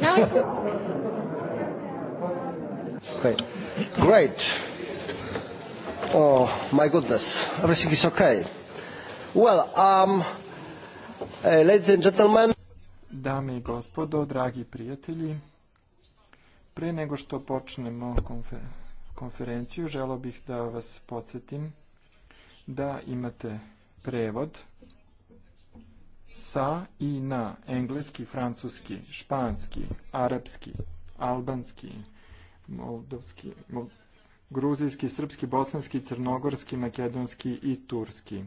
No. okay. Great. Oh my goodness, everything is okay. Well, um, uh, ladies and gentlemen. Dame i gospodo, dragi prijatelji, pre nego što počnemo konfer konferenciju, želo bih da vas podsjetim da imate prevod sa i na engleski, francuski, španski, arapski, albanski, moldovski, mold, gruzijski, srpski, bosanski, crnogorski, makedonski i turski.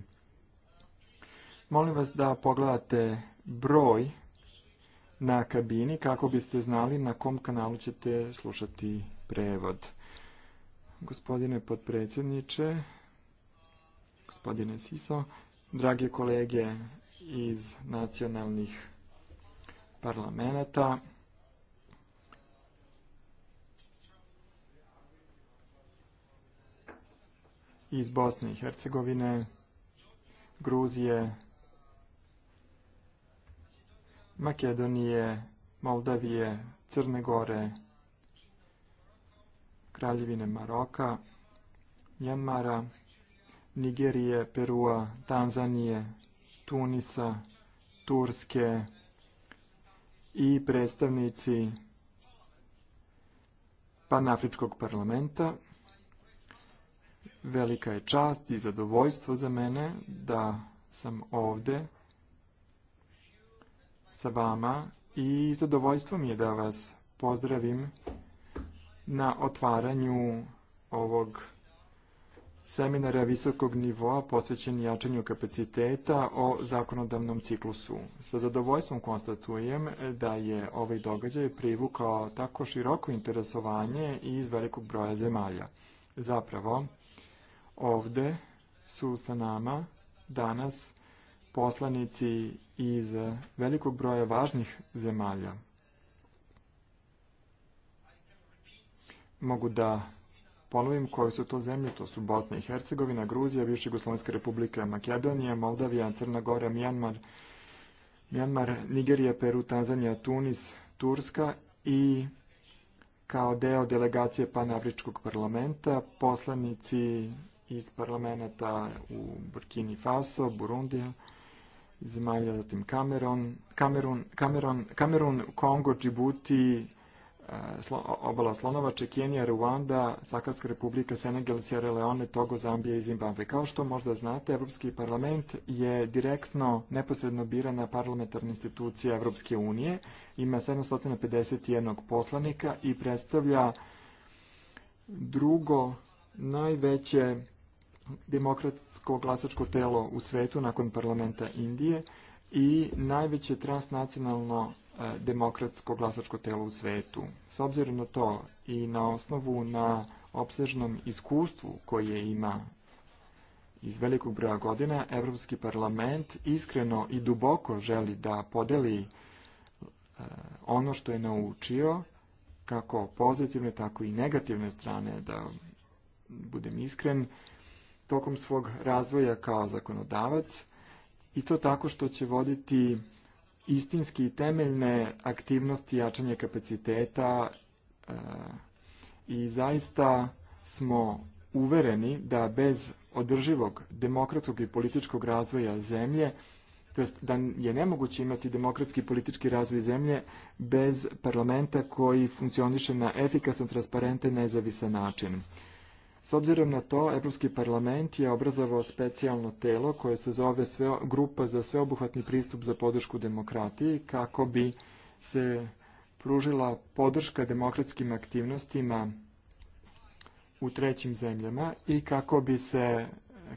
Molim vas da pogledate broj na kabini kako biste znali na kom kanalu ćete slušati prevod. Gospodine podpredsjedniče, gospodine Siso, drage kolege iz nacionalnih parlamenta. iz Bosne i Hercegovine, Gruzije, Makedonije, Moldavije, Crne Gore, Kraljevine Maroka, Mjanmara, Nigerije, Perua, Tanzanije, Tunisa, Turske i predstavnici Panafričkog parlamenta. Velika je čast i zadovoljstvo za mene da sam ovde sa vama i zadovoljstvo mi je da vas pozdravim na otvaranju ovog seminare visokog nivoa posvećen jačanju kapaciteta o zakonodavnom ciklusu. Sa zadovoljstvom konstatujem da je ovaj događaj privukao tako široko interesovanje iz velikog broja zemalja. Zapravo, ovde su sa nama danas poslanici iz velikog broja važnih zemalja. Mogu da palovima koje su to zemlje, to su Bosna i Hercegovina, Gruzija, Više Jugoslovenska republike, Makedonija, Moldavija, Crna Gora, Mijanmar, Mijanmar, Nigerija, Peru, Tanzanija, Tunis, Turska i kao deo delegacije Panafričkog parlamenta, poslanici iz parlamenta u Burkini Faso, Burundija, zemalja, zatim Kamerun, Kamerun, Kamerun, Kamerun, Kongo, Džibuti, Eh, obala slonova, Kenija, Ruanda, Sakarska republika, Senegal, Sierra Leone, Togo, Zambija i Zimbabwe. Kao što možda znate, Evropski parlament je direktno, neposredno birana parlamentarna institucija Evropske unije, ima 751 poslanika i predstavlja drugo najveće demokratsko glasačko telo u svetu nakon parlamenta Indije i najveće transnacionalno Eh, demokratsko glasačko telo u svetu. S obzirom na to i na osnovu na obsežnom iskustvu koje ima iz velikog broja godina, Evropski parlament iskreno i duboko želi da podeli eh, ono što je naučio, kako pozitivne, tako i negativne strane, da budem iskren, tokom svog razvoja kao zakonodavac i to tako što će voditi istinski i temeljne aktivnosti jačanja kapaciteta e, i zaista smo uvereni da bez održivog demokratskog i političkog razvoja zemlje, to jest da je nemoguće imati demokratski i politički razvoj zemlje bez parlamenta koji funkcioniše na efikasan, transparentan, nezavisan način. S obzirom na to, Evropski parlament je obrazovao specijalno telo koje se zove Grupa za sveobuhvatni pristup za podršku demokratiji kako bi se pružila podrška demokratskim aktivnostima u trećim zemljama i kako bi se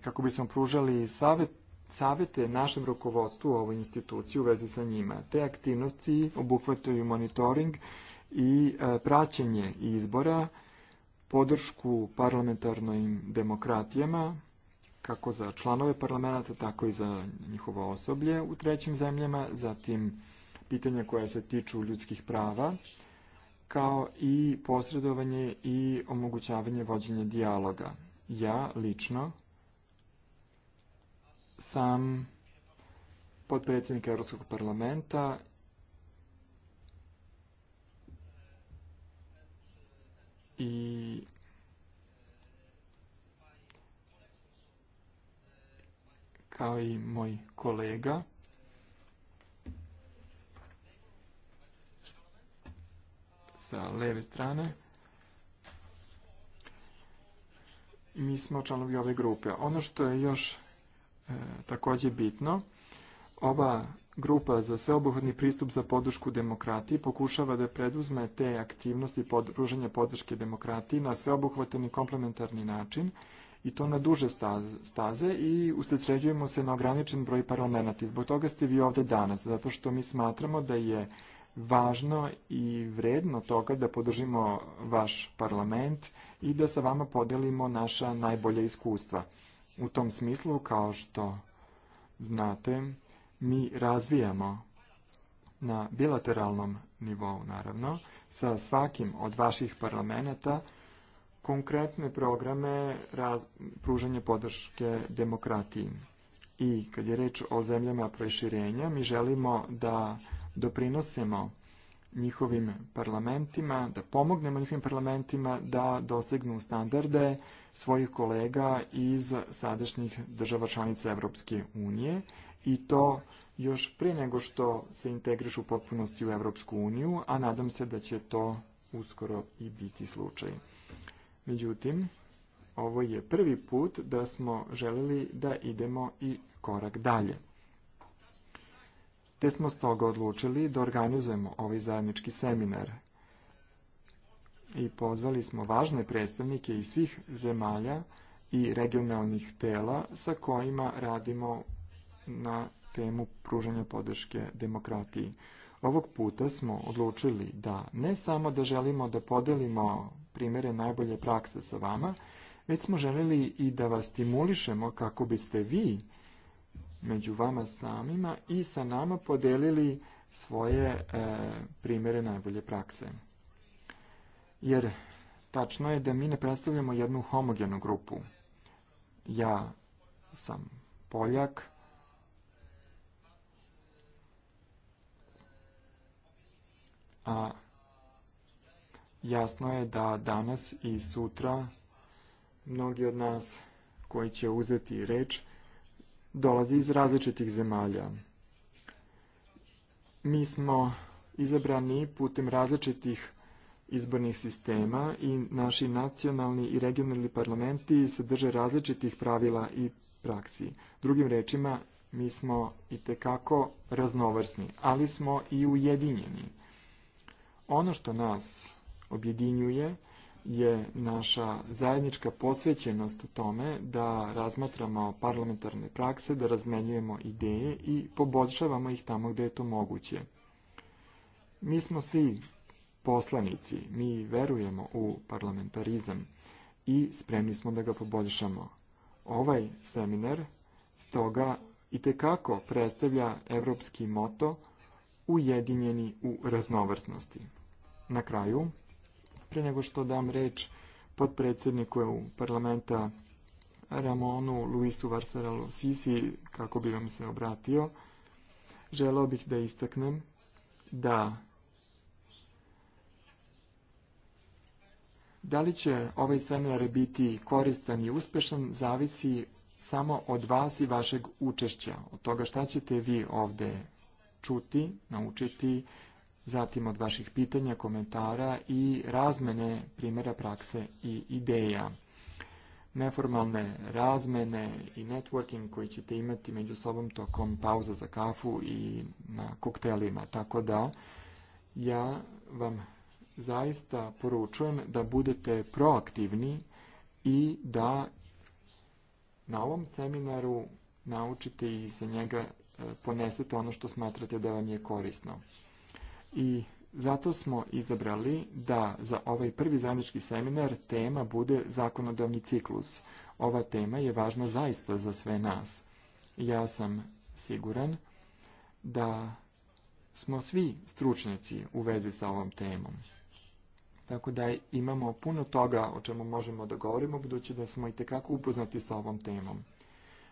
kako bi smo pružali savet, savete našem rukovodstvu u ovoj instituciji u vezi sa njima. Te aktivnosti obuhvataju monitoring i e, praćenje izbora, podršku parlamentarnim demokratijama, kako za članove parlamenta, tako i za njihovo osoblje u trećim zemljama, zatim pitanja koja se tiču ljudskih prava, kao i posredovanje i omogućavanje vođenja dijaloga. Ja lično sam podpredsednik Evropskog parlamenta i kao i moj kolega sa leve strane mi smo članovi ove grupe. Ono što je još e, također bitno, ova grupa za sveobuhodni pristup za podršku demokratiji pokušava da preduzme te aktivnosti pod, podrške demokratiji na sveobuhvatan i komplementarni način i to na duže staze i usrećeđujemo se na ograničen broj parlamenta. zbog toga ste vi ovde danas, zato što mi smatramo da je važno i vredno toga da podržimo vaš parlament i da sa vama podelimo naša najbolja iskustva. U tom smislu, kao što znate, mi razvijamo na bilateralnom nivou, naravno, sa svakim od vaših parlamenta konkretne programe raz, pružanja podrške demokratiji. I kad je reč o zemljama proširenja, mi želimo da doprinosimo njihovim parlamentima, da pomognemo njihovim parlamentima da dosegnu standarde svojih kolega iz sadašnjih država članica Evropske unije i to još pre nego što se integrišu u potpunosti u Evropsku uniju, a nadam se da će to uskoro i biti slučaj. Međutim, ovo je prvi put da smo želeli da idemo i korak dalje. Te smo s toga odlučili da organizujemo ovaj zajednički seminar i pozvali smo važne predstavnike iz svih zemalja i regionalnih tela sa kojima radimo na temu pruženja podrške demokratiji. Ovog puta smo odlučili da ne samo da želimo da podelimo primere najbolje prakse sa vama, već smo želeli i da vas stimulišemo kako biste vi među vama samima i sa nama podelili svoje e, primere najbolje prakse. Jer tačno je da mi ne predstavljamo jednu homogenu grupu. Ja sam Poljak, a jasno je da danas i sutra mnogi od nas koji će uzeti reč dolazi iz različitih zemalja. Mi smo izabrani putem različitih izbornih sistema i naši nacionalni i regionalni parlamenti se drže različitih pravila i praksi. Drugim rečima, mi smo i tekako raznovrsni, ali smo i ujedinjeni. Ono što nas objedinjuje je naša zajednička posvećenost tome da razmatramo parlamentarne prakse, da razmenjujemo ideje i poboljšavamo ih tamo gde je to moguće. Mi smo svi poslanici, mi verujemo u parlamentarizam i spremni smo da ga poboljšamo. Ovaj seminar stoga i tekako predstavlja evropski moto – ujedinjeni u raznovrsnosti. Na kraju, pre nego što dam reč potpredsjedniku EU parlamenta Ramonu Luisu Varsaralu Sisi, kako bi vam se obratio, želeo bih da istaknem da Da li će ovaj seminar biti koristan i uspešan, zavisi samo od vas i vašeg učešća, od toga šta ćete vi ovde učiniti čuti, naučiti, zatim od vaših pitanja, komentara i razmene primjera prakse i ideja. Neformalne razmene i networking koji ćete imati među sobom tokom pauza za kafu i na koktelima. Tako da ja vam zaista poručujem da budete proaktivni i da na ovom seminaru naučite i za njega ponesete ono što smatrate da vam je korisno. I zato smo izabrali da za ovaj prvi zajednički seminar tema bude zakonodavni ciklus. Ova tema je važna zaista za sve nas. Ja sam siguran da smo svi stručnjaci u vezi sa ovom temom. Tako da imamo puno toga o čemu možemo da govorimo, budući da smo i tekako upoznati sa ovom temom.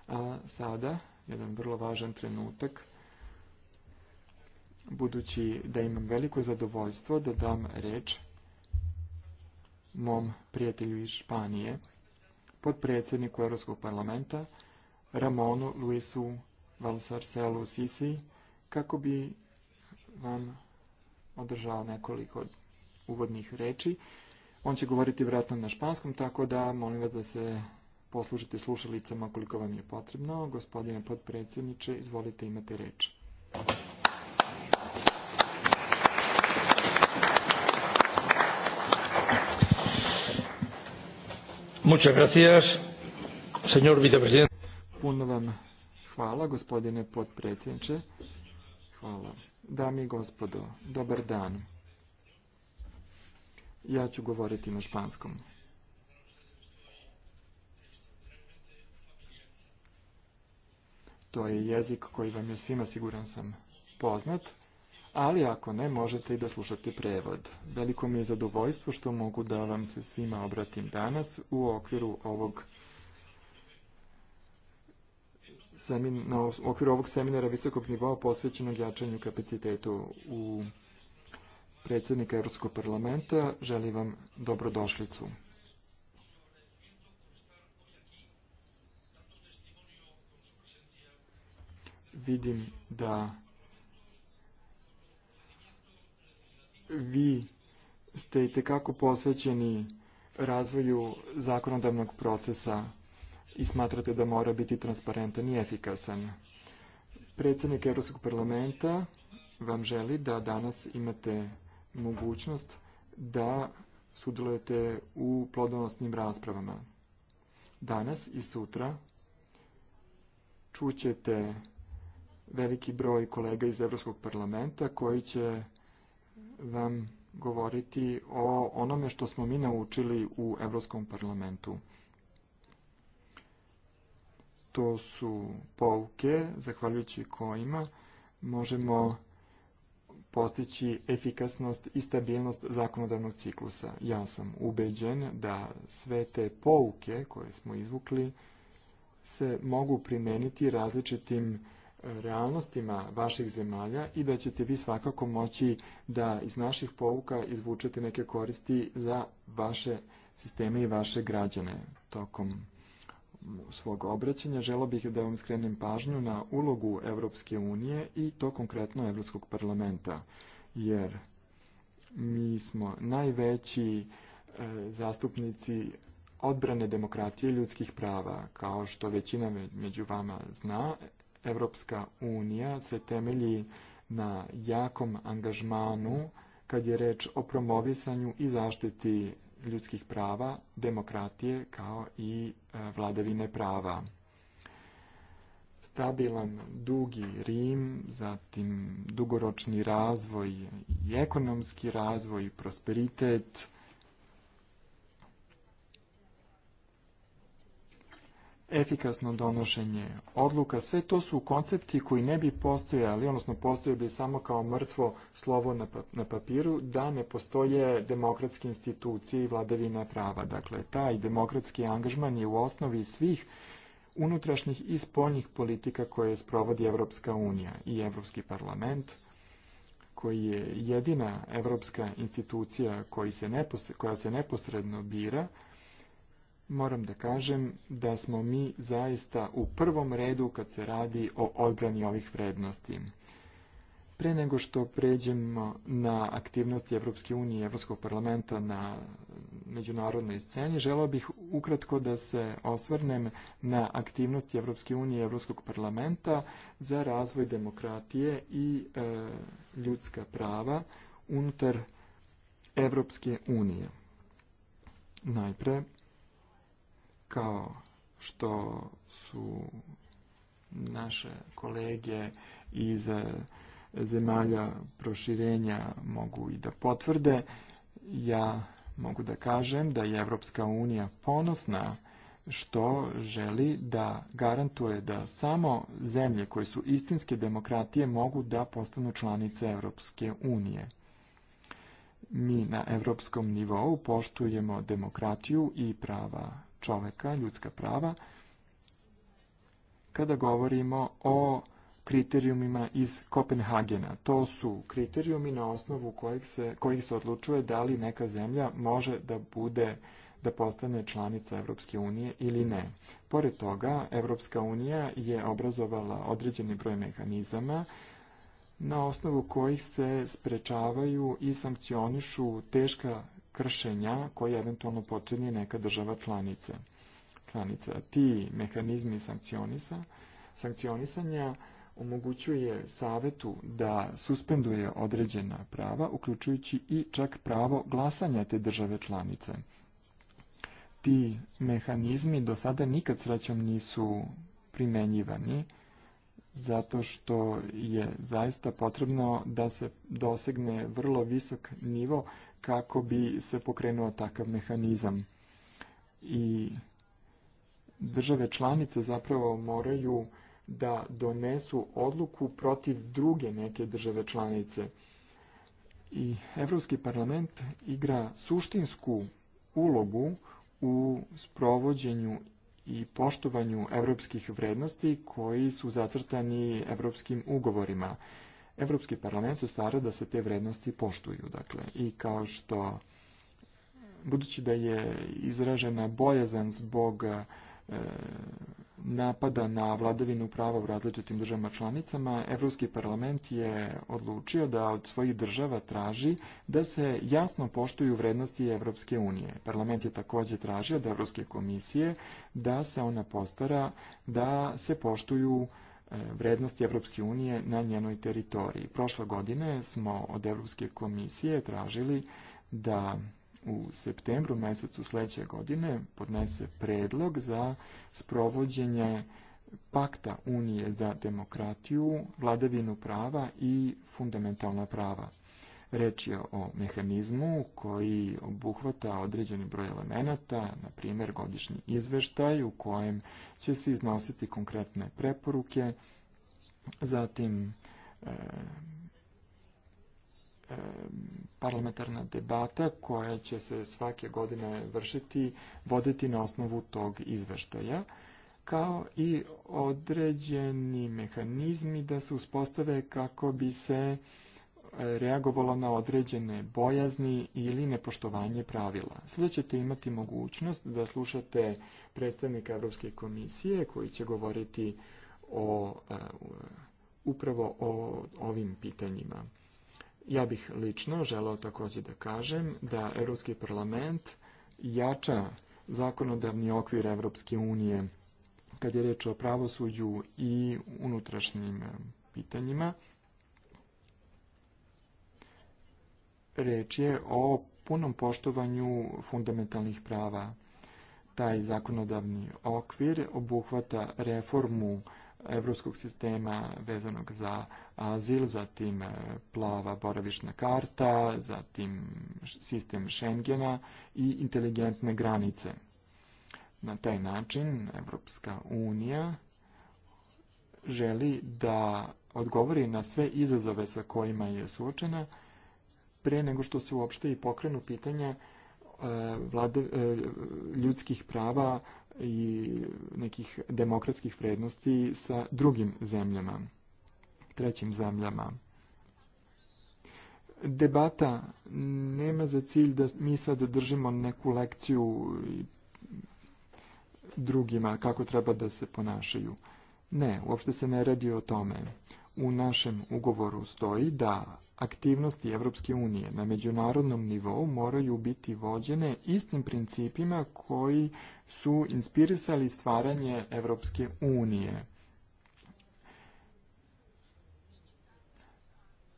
A sada jedan vrlo važan trenutak, budući da imam veliko zadovoljstvo da dam reč mom prijatelju iz Španije, predsjedniku Europskog parlamenta, Ramonu Luisu Valsarcelu Sisi, kako bi vam održao nekoliko uvodnih reči. On će govoriti vratno na španskom, tako da molim vas da se poslužiti slušalicama koliko vam je potrebno. Gospodine podpredsjedniče, izvolite imate reč. Muchas gracias, señor vicepresidente. Puno vam hvala, gospodine podpredsjedniče. Hvala. Dami i gospodo, dobar dan. Ja ću govoriti na španskom. to je jezik koji vam je svima siguran sam poznat, ali ako ne, možete i da slušate prevod. Veliko mi je zadovoljstvo što mogu da vam se svima obratim danas u okviru ovog semin, u okviru ovog seminara visokog nivoa posvećenog jačanju kapacitetu u predsjednika Europskog parlamenta. Želim vam dobrodošlicu. vidim da vi ste i tekako posvećeni razvoju zakonodavnog procesa i smatrate da mora biti transparentan i efikasan. Predsednik Evropskog parlamenta vam želi da danas imate mogućnost da sudelujete u plodonosnim raspravama. Danas i sutra čućete veliki broj kolega iz Evropskog parlamenta koji će vam govoriti o onome što smo mi naučili u Evropskom parlamentu. To su pouke, zahvaljujući kojima možemo postići efikasnost i stabilnost zakonodavnog ciklusa. Ja sam ubeđen da sve te pouke koje smo izvukli se mogu primeniti različitim realnostima vaših zemalja i da ćete vi svakako moći da iz naših pouka izvučete neke koristi za vaše sisteme i vaše građane tokom svog obraćanja. Želo bih da vam skrenem pažnju na ulogu Evropske unije i to konkretno Evropskog parlamenta, jer mi smo najveći e, zastupnici odbrane demokratije i ljudskih prava. Kao što većina među vama zna, Evropska unija se temelji na jakom angažmanu kad je reč o promovisanju i zaštiti ljudskih prava, demokratije kao i e, vladavine prava. Stabilan, dugi Rim, zatim dugoročni razvoj i ekonomski razvoj, prosperitet, efikasno donošenje odluka, sve to su koncepti koji ne bi postojali, odnosno postoje bi samo kao mrtvo slovo na, na papiru, da ne postoje demokratske institucije i vladavina prava. Dakle, taj demokratski angažman je u osnovi svih unutrašnjih i spoljnih politika koje sprovodi Evropska unija i Evropski parlament, koji je jedina evropska institucija koji se neposredno, koja se neposredno bira, moram da kažem da smo mi zaista u prvom redu kad se radi o odbrani ovih vrednosti. Pre nego što pređemo na aktivnosti Evropske unije i Evropskog parlamenta na međunarodnoj sceni, želao bih ukratko da se osvrnem na aktivnosti Evropske unije i Evropskog parlamenta za razvoj demokratije i e, ljudska prava unutar Evropske unije. Najpre, kao što su naše kolege iz eh, zemalja proširenja mogu i da potvrde, ja mogu da kažem da je Evropska unija ponosna što želi da garantuje da samo zemlje koje su istinske demokratije mogu da postanu članice Evropske unije. Mi na evropskom nivou poštujemo demokratiju i prava čoveka, ljudska prava, kada govorimo o kriterijumima iz Kopenhagena. To su kriterijumi na osnovu kojih se, kojih se odlučuje da li neka zemlja može da bude da postane članica Evropske unije ili ne. Pored toga, Evropska unija je obrazovala određeni broj mehanizama na osnovu kojih se sprečavaju i sankcionišu teška kršenja koje eventualno počinje neka država članice. članica. Ti mehanizmi sankcionisa, sankcionisanja omogućuje savetu da suspenduje određena prava, uključujući i čak pravo glasanja te države članice. Ti mehanizmi do sada nikad srećom nisu primenjivani, zato što je zaista potrebno da se dosegne vrlo visok nivo kako bi se pokrenuo takav mehanizam. I države članice zapravo moraju da donesu odluku protiv druge neke države članice. I Evropski parlament igra suštinsku ulogu u sprovođenju i poštovanju evropskih vrednosti koji su zacrtani evropskim ugovorima. Evropski parlament se stara da se te vrednosti poštuju. Dakle, i kao što, budući da je izražena bojazan zbog e, napada na vladavinu prava u različitim državama članicama, Evropski parlament je odlučio da od svojih država traži da se jasno poštuju vrednosti Evropske unije. Parlament je također tražio od Evropske komisije da se ona postara da se poštuju vrednosti E, vrednosti Evropske unije na njenoj teritoriji. Prošle godine smo od Evropske komisije tražili da u septembru mesecu sledeće godine podnese predlog za sprovođenje pakta Unije za demokratiju, vladavinu prava i fundamentalna prava. Reč je o mehanizmu koji obuhvata određeni broj elemenata, na primjer godišnji izveštaj u kojem će se iznositi konkretne preporuke, zatim e, e, parlamentarna debata koja će se svake godine vršiti, voditi na osnovu tog izveštaja, kao i određeni mehanizmi da se uspostave kako bi se uh, reagovala na određene bojazni ili nepoštovanje pravila. Sada ćete imati mogućnost da slušate predstavnika evropske komisije koji će govoriti o, e, upravo o ovim pitanjima. Ja bih lično želao također da kažem da Europski parlament jača zakonodavni okvir evropske unije kad je reč o pravosuđu i unutrašnjim pitanjima Reč je o punom poštovanju fundamentalnih prava. Taj zakonodavni okvir obuhvata reformu evropskog sistema vezanog za azil, zatim e, plava boravišna karta, zatim sistem Schengena i inteligentne granice. Na taj način Evropska unija želi da odgovori na sve izazove sa kojima je suočena pre nego što se uopšte i pokrenu pitanja e, vlade, e, ljudskih prava i nekih demokratskih vrednosti sa drugim zemljama, trećim zemljama. Debata nema za cilj da mi sad držimo neku lekciju drugima kako treba da se ponašaju. Ne, uopšte se ne radi o tome u našem ugovoru stoji da aktivnosti Evropske unije na međunarodnom nivou moraju biti vođene istim principima koji su inspirisali stvaranje Evropske unije.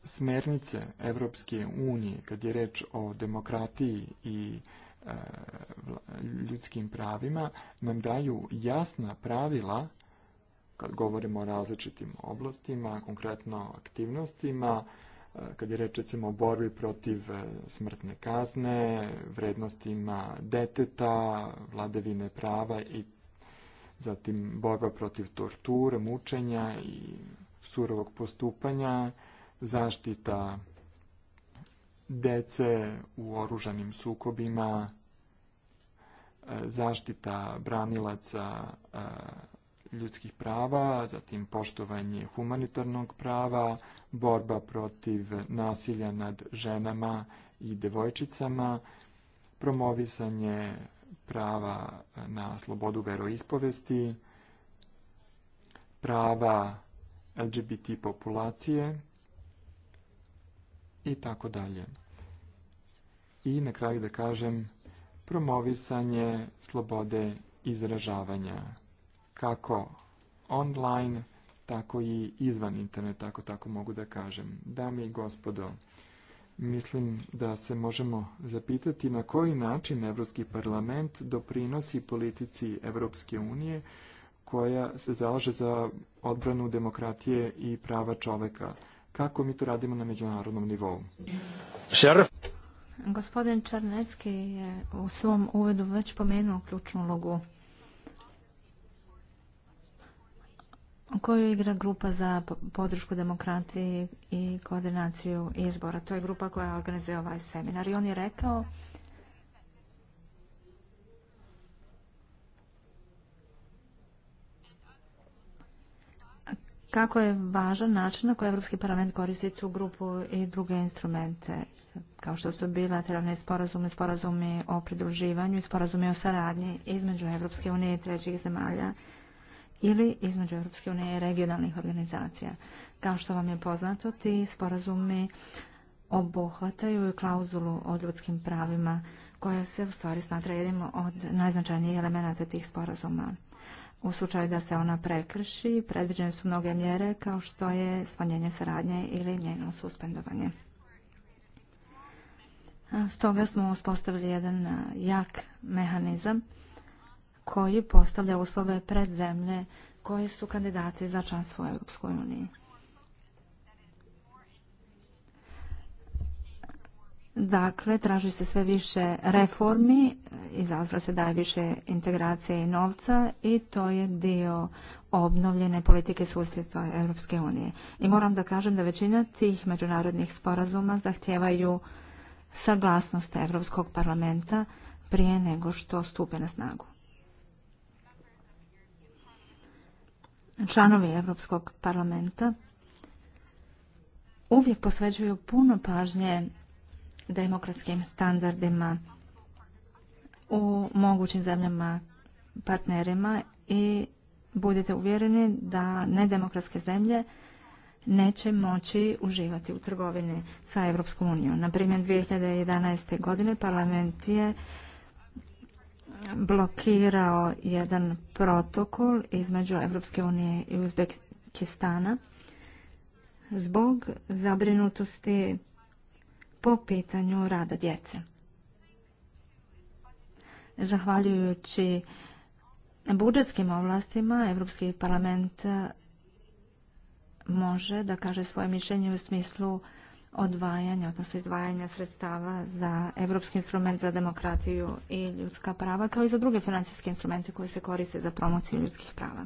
Smernice Evropske unije, kad je reč o demokratiji i e, ljudskim pravima, nam daju jasna pravila kad govorimo o različitim oblastima, konkretno aktivnostima, e, kad je reč recimo o borbi protiv e, smrtne kazne, vrednostima deteta, vladavine prava i zatim borba protiv torture, mučenja i surovog postupanja, zaštita dece u oružanim sukobima, e, zaštita branilaca ljudskih prava, zatim poštovanje humanitarnog prava, borba protiv nasilja nad ženama i devojčicama, promovisanje prava na slobodu veroispovesti, prava LGBT populacije i tako dalje. I na kraju da kažem promovisanje slobode izražavanja kako online, tako i izvan interneta, ako tako mogu da kažem. Dame i gospodo, mislim da se možemo zapitati na koji način Evropski parlament doprinosi politici Evropske unije koja se zalaže za odbranu demokratije i prava čoveka. Kako mi to radimo na međunarodnom nivou? Šerif. Gospodin Čarnecki je u svom uvedu već pomenuo ključnu ulogu koju igra grupa za podršku demokraciji i koordinaciju izbora. To je grupa koja organizuje ovaj seminar i on je rekao kako je važan način na koji Evropski parlament koristi tu grupu i druge instrumente, kao što su bilateralni sporazumi, sporazumi o pridruživanju i sporazumi o saradnji između Evropske unije i trećih zemalja ili između Europske unije i regionalnih organizacija. Kao što vam je poznato, ti sporazumi obuhvataju klauzulu o ljudskim pravima koja se u stvari smatra jednim od najznačajnijih elemenata tih sporazuma. U slučaju da se ona prekrši, predviđene su mnoge mjere kao što je smanjenje saradnje ili njeno suspendovanje. Stoga smo uspostavili jedan jak mehanizam koji postavlja uslove pred zemlje koji su kandidati za članstvo u Europskoj uniji. Dakle, traži se sve više reformi, izazva se daje više integracije i novca i to je dio obnovljene politike susjedstva Europske unije. I moram da kažem da većina tih međunarodnih sporazuma zahtijevaju saglasnost Europskog parlamenta prije nego što stupe na snagu. članovi Evropskog parlamenta uvijek posveđuju puno pažnje demokratskim standardima u mogućim zemljama partnerima i budete uvjereni da nedemokratske zemlje neće moći uživati u trgovini sa Evropskom unijom. Na primjer, 2011. godine parlament je blokirao jedan protokol između Evropske unije i Uzbekistana zbog zabrinutosti po pitanju rada djece. Zahvaljujući budžetskim ovlastima, Evropski parlament može da kaže svoje mišljenje u smislu odvajanja, odnosno izdvajanja sredstava za Evropski instrument za demokratiju i ljudska prava, kao i za druge financijske instrumente koje se koriste za promociju ljudskih prava.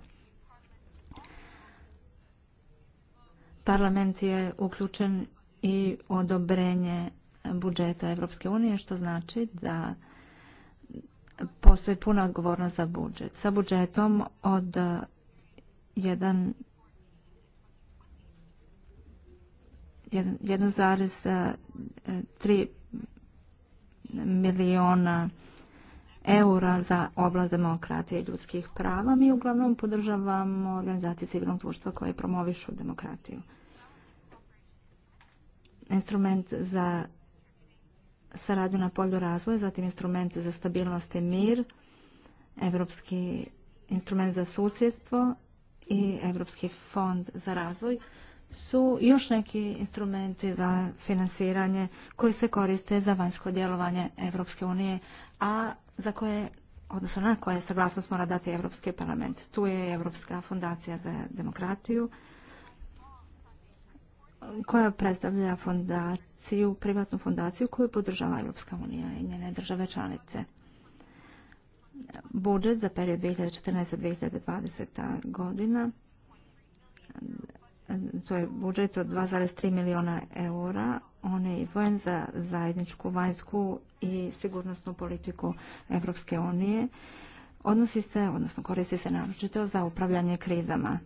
Parlament je uključen i odobrenje budžeta Evropske unije, što znači da postoji puna odgovornost za budžet. Sa budžetom od 1 1,3 eh, eh, miliona eh, eura za oblast demokratije i ljudskih prava. Mi uglavnom podržavamo organizacije civilnog društva koje promovišu demokratiju. Instrument za saradnju na polju razvoja, zatim instrument za stabilnost i mir, evropski instrument za susjedstvo i Evropski fond za razvoj su još neki instrumenti za financiranje koji se koriste za vanjsko djelovanje Evropske unije, a za koje odnosno na koje saglasnost mora dati Evropski parlament. Tu je Evropska fundacija za demokratiju koja predstavlja fundaciju, privatnu fundaciju koju podržava Evropska unija i njene države članice. Budžet za period 2014-2020 godina svoj budžet od 2,3 miliona eura. On je izvojen za zajedničku vanjsku i sigurnosnu politiku Evropske unije. Odnosi se, odnosno koristi se naročito za upravljanje krizama.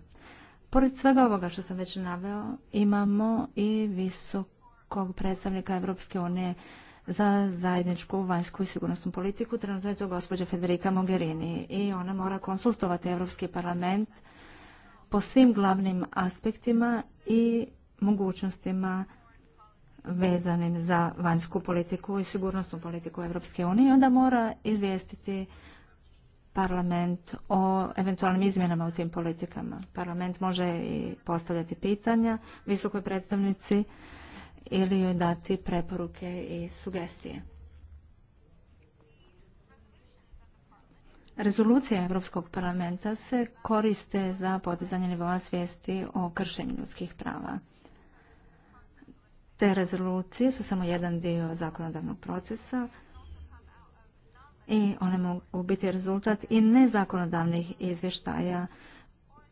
Pored svega ovoga što sam već naveo, imamo i visokog predstavnika Evropske unije za zajedničku vanjsku i sigurnosnu politiku, trenutno je to gospođa Federica Mogherini i ona mora konsultovati Evropski parlament po svim glavnim aspektima i mogućnostima vezanim za vanjsku politiku i sigurnosnu politiku Evropske unije, onda mora izvijestiti parlament o eventualnim izmjenama u tim politikama. Parlament može i postavljati pitanja visokoj predstavnici ili joj dati preporuke i sugestije. Rezolucija Evropskog parlamenta se koriste za podizanje nivova svijesti o kršenju ljudskih prava. Te rezolucije su samo jedan dio zakonodavnog procesa i one mogu biti rezultat i nezakonodavnih izvještaja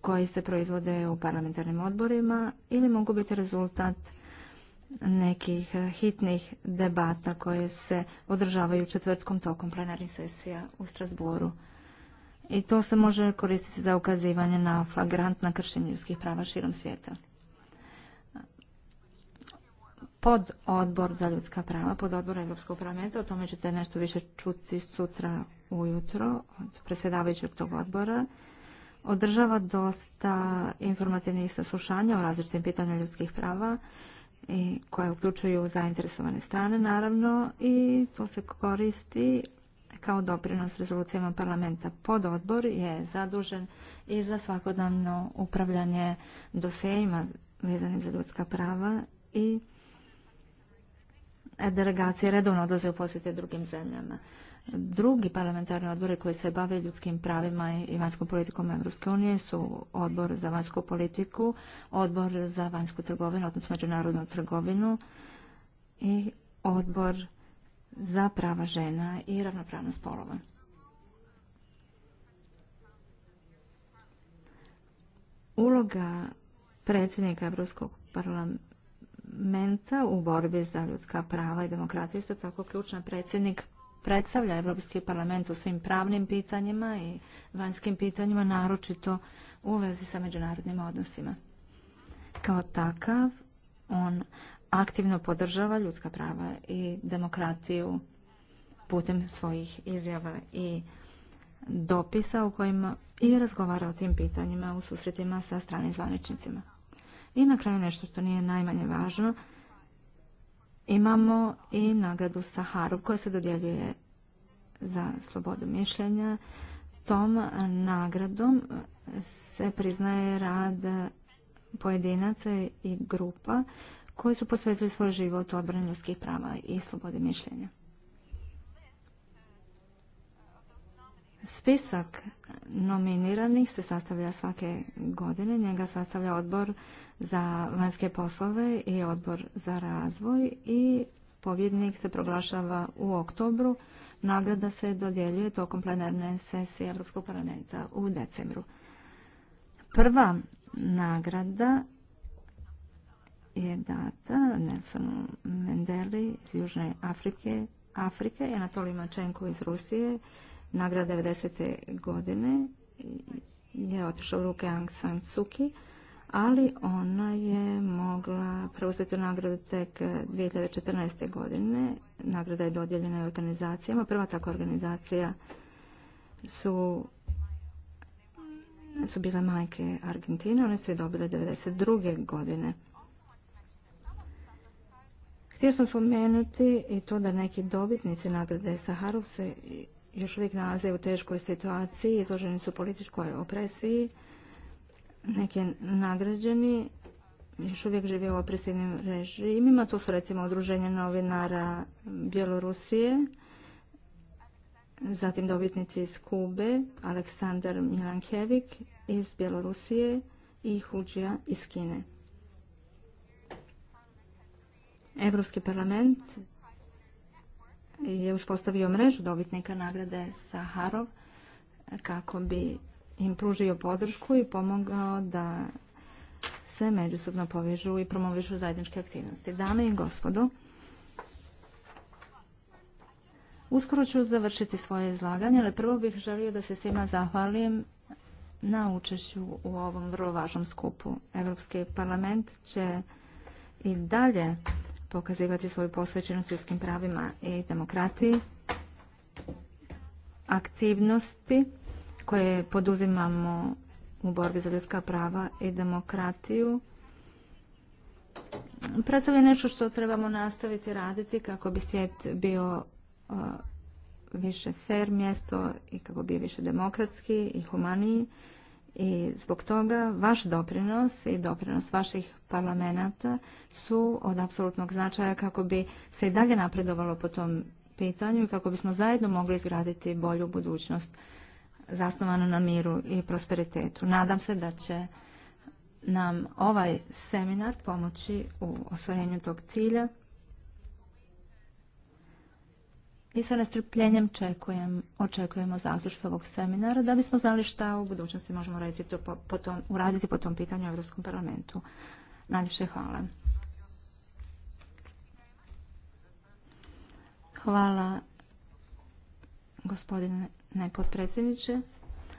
koji se proizvode u parlamentarnim odborima ili mogu biti rezultat nekih eh, hitnih debata koje se održavaju četvrtkom tokom plenarnih sesija u Strasboru. I to se može koristiti za ukazivanje na flagrant na kršenja ljudskih prava širom svijeta. Pod odbor za ljudska prava, pod odbor Evropskog parlamenta, o tome ćete nešto više čuti sutra ujutro od predsjedavajućeg tog odbora održava dosta informativnih saslušanja o različitim pitanjima ljudskih prava koje uključuju zainteresovane strane naravno i to se koristi kao doprinos rezolucijama parlamenta. Pododbor je zadužen i za svakodnevno upravljanje dosejima vezanim za ljudska prava i delegacije redovno odlaze u posjete drugim zemljama. Drugi parlamentarni odbori koji se bave ljudskim pravima i vanjskom politikom Evropske unije su odbor za vanjsku politiku, odbor za vanjsku trgovinu, odnosno međunarodnu trgovinu i odbor za prava žena i ravnopravnost spolova. Uloga predsjednika Evropskog parlamenta u borbi za ljudska prava i demokraciju isto tako ključna predsjednik predstavlja Evropski parlament u svim pravnim pitanjima i vanjskim pitanjima, naročito u vezi sa međunarodnim odnosima. Kao takav, on aktivno podržava ljudska prava i demokratiju putem svojih izjava i dopisa u kojima i razgovara o tim pitanjima u susretima sa stranim zvaničnicima. I na kraju nešto što nije najmanje važno, Imamo i nagradu Saharu koja se dodjeljuje za slobodu mišljenja. Tom nagradom se priznaje rad pojedinaca i grupa koji su posvetili svoj život u odbrani ljudskih prava i slobode mišljenja. Spisak nominiranih se sastavlja svake godine. Njega sastavlja odbor za vanjske poslove i odbor za razvoj i pobjednik se proglašava u oktobru. Nagrada se dodjeljuje tokom plenarne sesije Europskog parlamenta u decembru. Prva nagrada je data Nelsonu Mendeli iz Južne Afrike, Afrike Anatolij Mačenko iz Rusije, nagrad 90. godine je otišla u ruke Aung San Suu Kyi, ali ona je mogla preuzeti nagradu tek 2014. godine. Nagrada je dodjeljena organizacijama. Prva takva organizacija su su bile majke Argentine, one su je dobile 1992. godine. Htio sam spomenuti i to da neki dobitnici nagrade Saharov se još uvijek nalaze u teškoj situaciji, izloženi su političkoj opresiji, neki nagrađeni još uvijek žive u opresivnim režimima. to su recimo odruženje novinara Bjelorusije, zatim dobitnici iz Kube, Aleksandar Milankevik iz Bjelorusije i Huđija iz Kine. Evropski parlament je uspostavio mrežu dobitnika nagrade Saharov kako bi im pružio podršku i pomogao da se međusobno povežu i promovežu zajedničke aktivnosti. Dame i gospodo, uskoro ću završiti svoje izlaganje, ali prvo bih želio da se svima zahvalim na učešću u ovom vrlo važnom skupu. Evropski parlament će i dalje pokazivati svoju posvećenost ljudskim pravima i demokraciji. Aktivnosti koje poduzimamo u borbi za ljudska prava i demokratiju predstavlja nešto što trebamo nastaviti raditi kako bi svijet bio više fair mjesto i kako bi više demokratski i humaniji. I zbog toga vaš doprinos i doprinos vaših parlamenta su od apsolutnog značaja kako bi se i dalje napredovalo po tom pitanju i kako bismo zajedno mogli izgraditi bolju budućnost zasnovanu na miru i prosperitetu. Nadam se da će nam ovaj seminar pomoći u ostvarenju tog cilja Mi sa nestrpljenjem čekujem, očekujemo zaključke ovog seminara da bismo znali šta u budućnosti možemo raditi to po, po tom, uraditi po tom pitanju u Europskom parlamentu. Najljepše hvala. Hvala gospodine najpodpredsjedniče.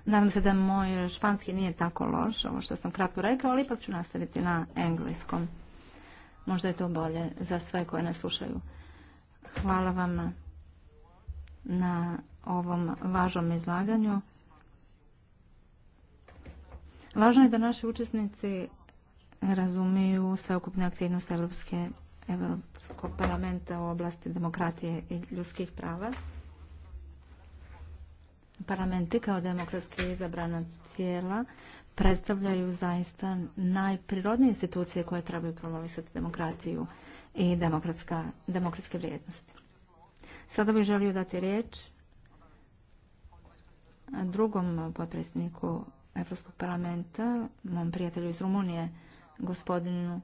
Nadam se da moj španski nije tako loš, ovo što sam kratko rekao, ali ipak ću nastaviti na engleskom. Možda je to bolje za sve koje nas slušaju. Hvala vam na ovom važnom izlaganju. Važno je da naši učesnici razumiju sveukupne aktivnosti Evropske, Evropskog parlamenta u oblasti demokratije i ljudskih prava. Parlamenti kao demokratski izabrana tijela predstavljaju zaista najprirodnije institucije koje trebaju promovisati demokraciju i demokratske vrijednosti. Sada bih želio dati riječ drugom potpredsjedniku Evropskog parlamenta, mom prijatelju iz Rumunije, gospodinu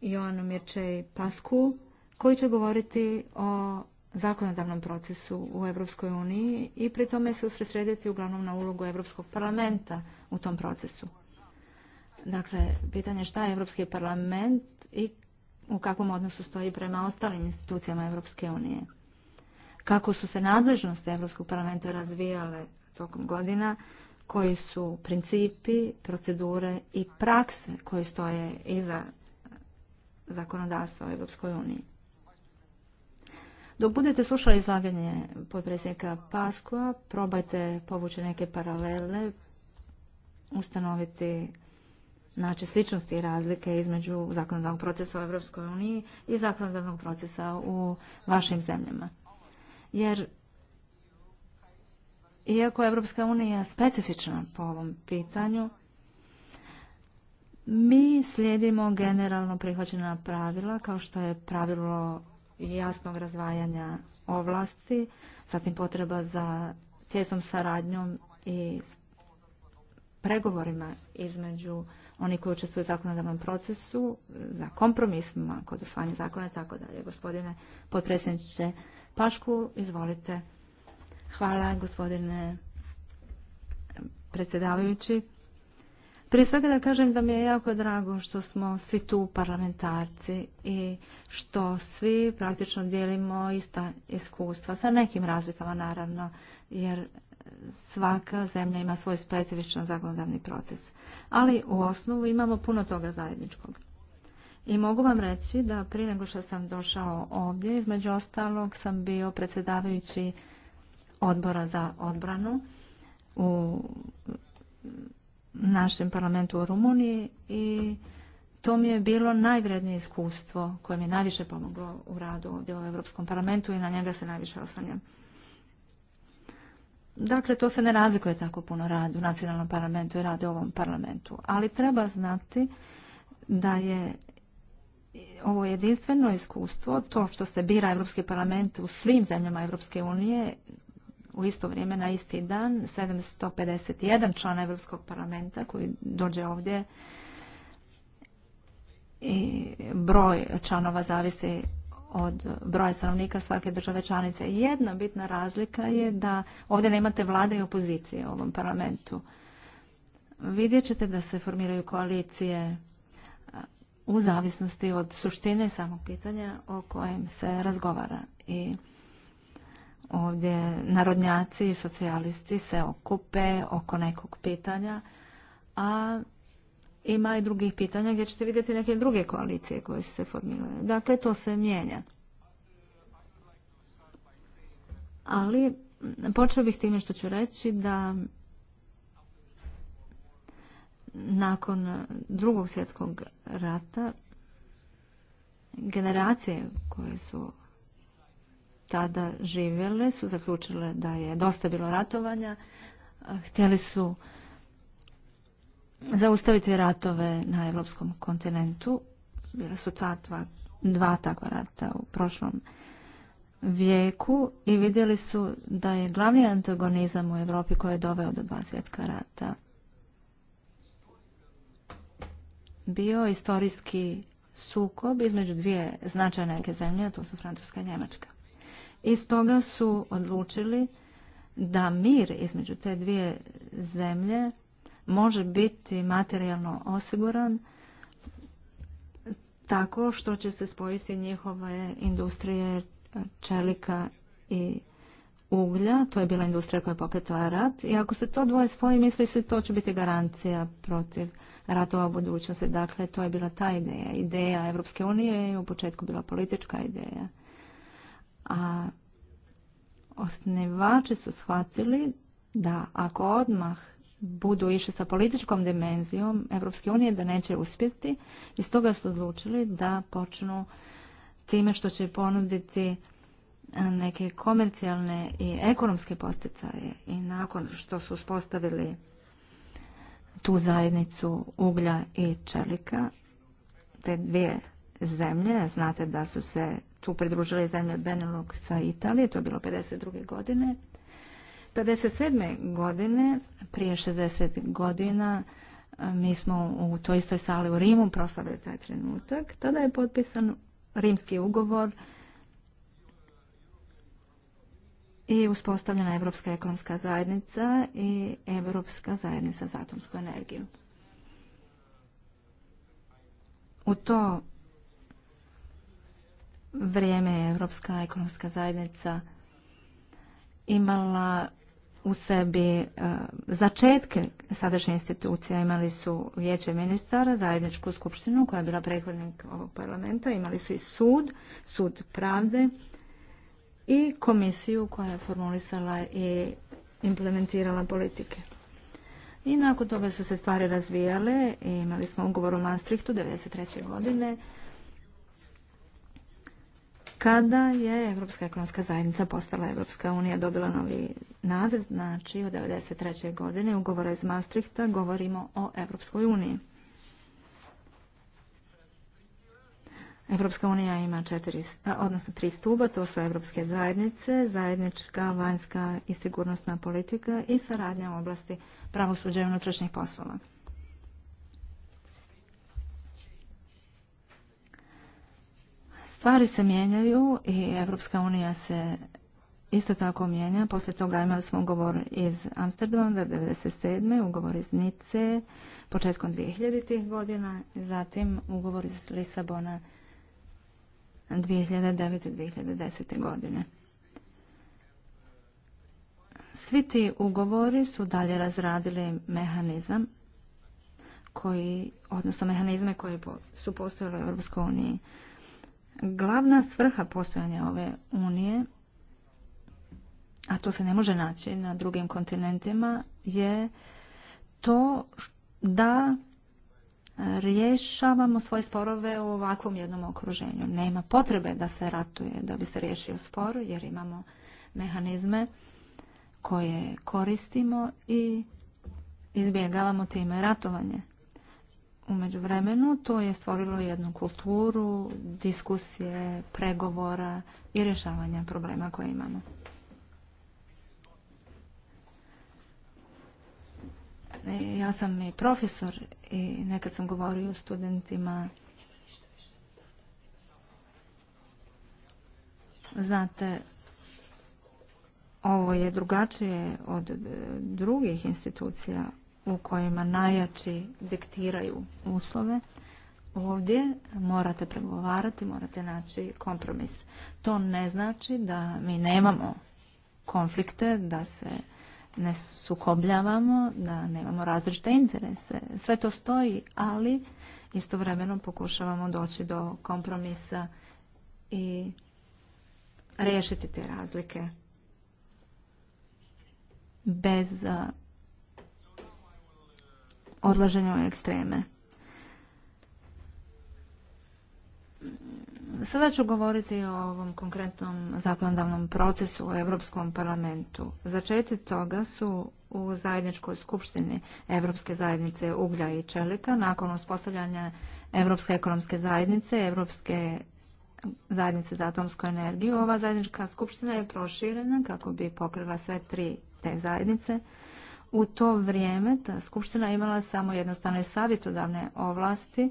Joanu Mirčej Pasku, koji će govoriti o zakonodavnom procesu u Evropskoj uniji i pri tome se usresrediti uglavnom na ulogu Evropskog parlamenta u tom procesu. Dakle, pitanje šta je Evropski parlament i u kakvom odnosu stoji prema ostalim institucijama Evropske unije kako su se nadležnosti Evropskog parlamenta razvijale tokom godina, koji su principi, procedure i prakse koje stoje iza zakonodavstva u Evropskoj uniji. Dok budete slušali izlaganje podpredsjednika Paskova, probajte povući neke paralele, ustanoviti znači, sličnosti i razlike između zakonodavnog procesa u Evropskoj uniji i zakonodavnog procesa u vašim zemljama jer iako je Evropska unija specifična po ovom pitanju, mi slijedimo generalno prihvaćena pravila kao što je pravilo jasnog razvajanja ovlasti, zatim potreba za tjesnom saradnjom i pregovorima između oni koji učestvuju u zakonodavnom procesu, za kompromisima kod usvajanja zakona i tako dalje. Gospodine potpredsjedniče Pašku, izvolite. Hvala, gospodine predsjedavajući. Prije svega da kažem da mi je jako drago što smo svi tu parlamentarci i što svi praktično dijelimo ista iskustva, sa nekim razlikama naravno, jer svaka zemlja ima svoj specifičan zakonodavni proces. Ali u osnovu imamo puno toga zajedničkog. I mogu vam reći da prije nego što sam došao ovdje, između ostalog sam bio predsjedavajući odbora za odbranu u našem parlamentu u Rumuniji i to mi je bilo najvrednije iskustvo koje mi je najviše pomoglo u radu ovdje u Europskom parlamentu i na njega se najviše oslanjam. Dakle, to se ne razlikuje tako puno rad u nacionalnom parlamentu i rad u ovom parlamentu, ali treba znati da je ovo jedinstveno iskustvo, to što se bira Evropski parlament u svim zemljama Evropske unije, u isto vrijeme na isti dan 751 član Evropskog parlamenta koji dođe ovdje i broj članova zavisi od broja stanovnika svake države članice. Jedna bitna razlika je da ovdje nemate vlade i opozicije u ovom parlamentu. Vidjet ćete da se formiraju koalicije u zavisnosti od suštine samog pitanja o kojem se razgovara. I ovdje narodnjaci i socijalisti se okupe oko nekog pitanja, a ima i drugih pitanja gdje ćete vidjeti neke druge koalicije koje su se formirale. Dakle, to se mijenja. Ali počeo bih time što ću reći da nakon drugog svjetskog rata generacije koje su tada živjele su zaključile da je dosta bilo ratovanja htjeli su zaustaviti ratove na evropskom kontinentu bila su ta dva, dva takva rata u prošlom vijeku i vidjeli su da je glavni antagonizam u Europi koji je doveo do dva svjetska rata bio istorijski sukob između dvije značajne neke zemlje, to su Francuska i Njemačka. I stoga su odlučili da mir između te dvije zemlje može biti materijalno osiguran tako što će se spojiti njihove industrije čelika i uglja. To je bila industrija koja je pokretala rat. I ako se to dvoje spoji, misli se to će biti garancija protiv uh, ratova budućnosti. Dakle, to je bila ta ideja. Ideja Evropske unije je u početku bila politička ideja. A osnivači su shvatili da ako odmah budu išli sa političkom dimenzijom Evropske unije, da neće uspjeti. I toga su odlučili da počnu time što će ponuditi e, neke komercijalne i ekonomske posticaje i nakon što su uspostavili tu zajednicu uglja i čelika, te dvije zemlje. Znate da su se tu pridružile zemlje Benelog sa Italije, to je bilo 52. godine. 57. godine, prije 60 godina, mi smo u toj istoj sali u Rimu proslavili taj trenutak. Tada je potpisan rimski ugovor i e uspostavljena Evropska ekonomska zajednica i Evropska zajednica za atomsku energiju. U to vrijeme je Evropska ekonomska zajednica imala u sebi uh, začetke sadašnje institucije. Imali su vijeće ministara, zajedničku skupštinu koja je bila prethodnik ovog parlamenta, imali su i sud, sud pravde, Uh, i komisiju koja je formulisala i implementirala politike. I nakon toga su se stvari razvijale, imali smo ugovor u Maastrichtu 1993. godine, kada je Evropska ekonomska zajednica postala Evropska unija, dobila novi naziv, znači od 1993. godine ugovora iz Maastrichta govorimo o Evropskoj uniji. Evropska unija ima četiri, odnosno tri stuba, to su Evropske zajednice, zajednička, vanjska i sigurnosna politika i saradnja u oblasti pravosuđa i unutrašnjih poslova. Stvari se mijenjaju i Evropska unija se isto tako mijenja. Poslije toga imali smo ugovor iz Amsterdama 1997. ugovor iz Nice početkom 2000. godina, zatim ugovor iz Lisabona 2009-2010. godine. Svi ti ugovori su dalje razradili mehanizam koji, odnosno mehanizme koje su postojali u Europskoj uniji. Glavna svrha postojanja ove unije, a to se ne može naći na drugim kontinentima, je to da rješavamo svoje sporove u ovakvom jednom okruženju. Nema potrebe da se ratuje, da bi se riješio spor, jer imamo mehanizme koje koristimo i izbjegavamo time ratovanje. U vremenu, to je stvorilo jednu kulturu diskusije, pregovora i rješavanja problema koje imamo. ja sam i profesor i nekad sam govorio studentima znate ovo je drugačije od drugih institucija u kojima najjači diktiraju uslove ovdje morate pregovarati morate naći kompromis to ne znači da mi nemamo konflikte da se ne sukobljavamo, da nemamo različite interese. Sve to stoji, ali istovremeno pokušavamo doći do kompromisa i rešiti te razlike bez odlaženja u ekstreme. Sada ću govoriti o ovom konkretnom zakonodavnom procesu u Europskom parlamentu. Začeti toga su u zajedničkoj skupštini Europske zajednice uglja i čelika nakon uspostavljanja Europske ekonomske zajednice, Europske zajednice za atomsku energiju. Ova zajednička skupština je proširena kako bi pokrila sve tri te zajednice. U to vrijeme ta skupština imala samo jednostavne savjetodavne ovlasti,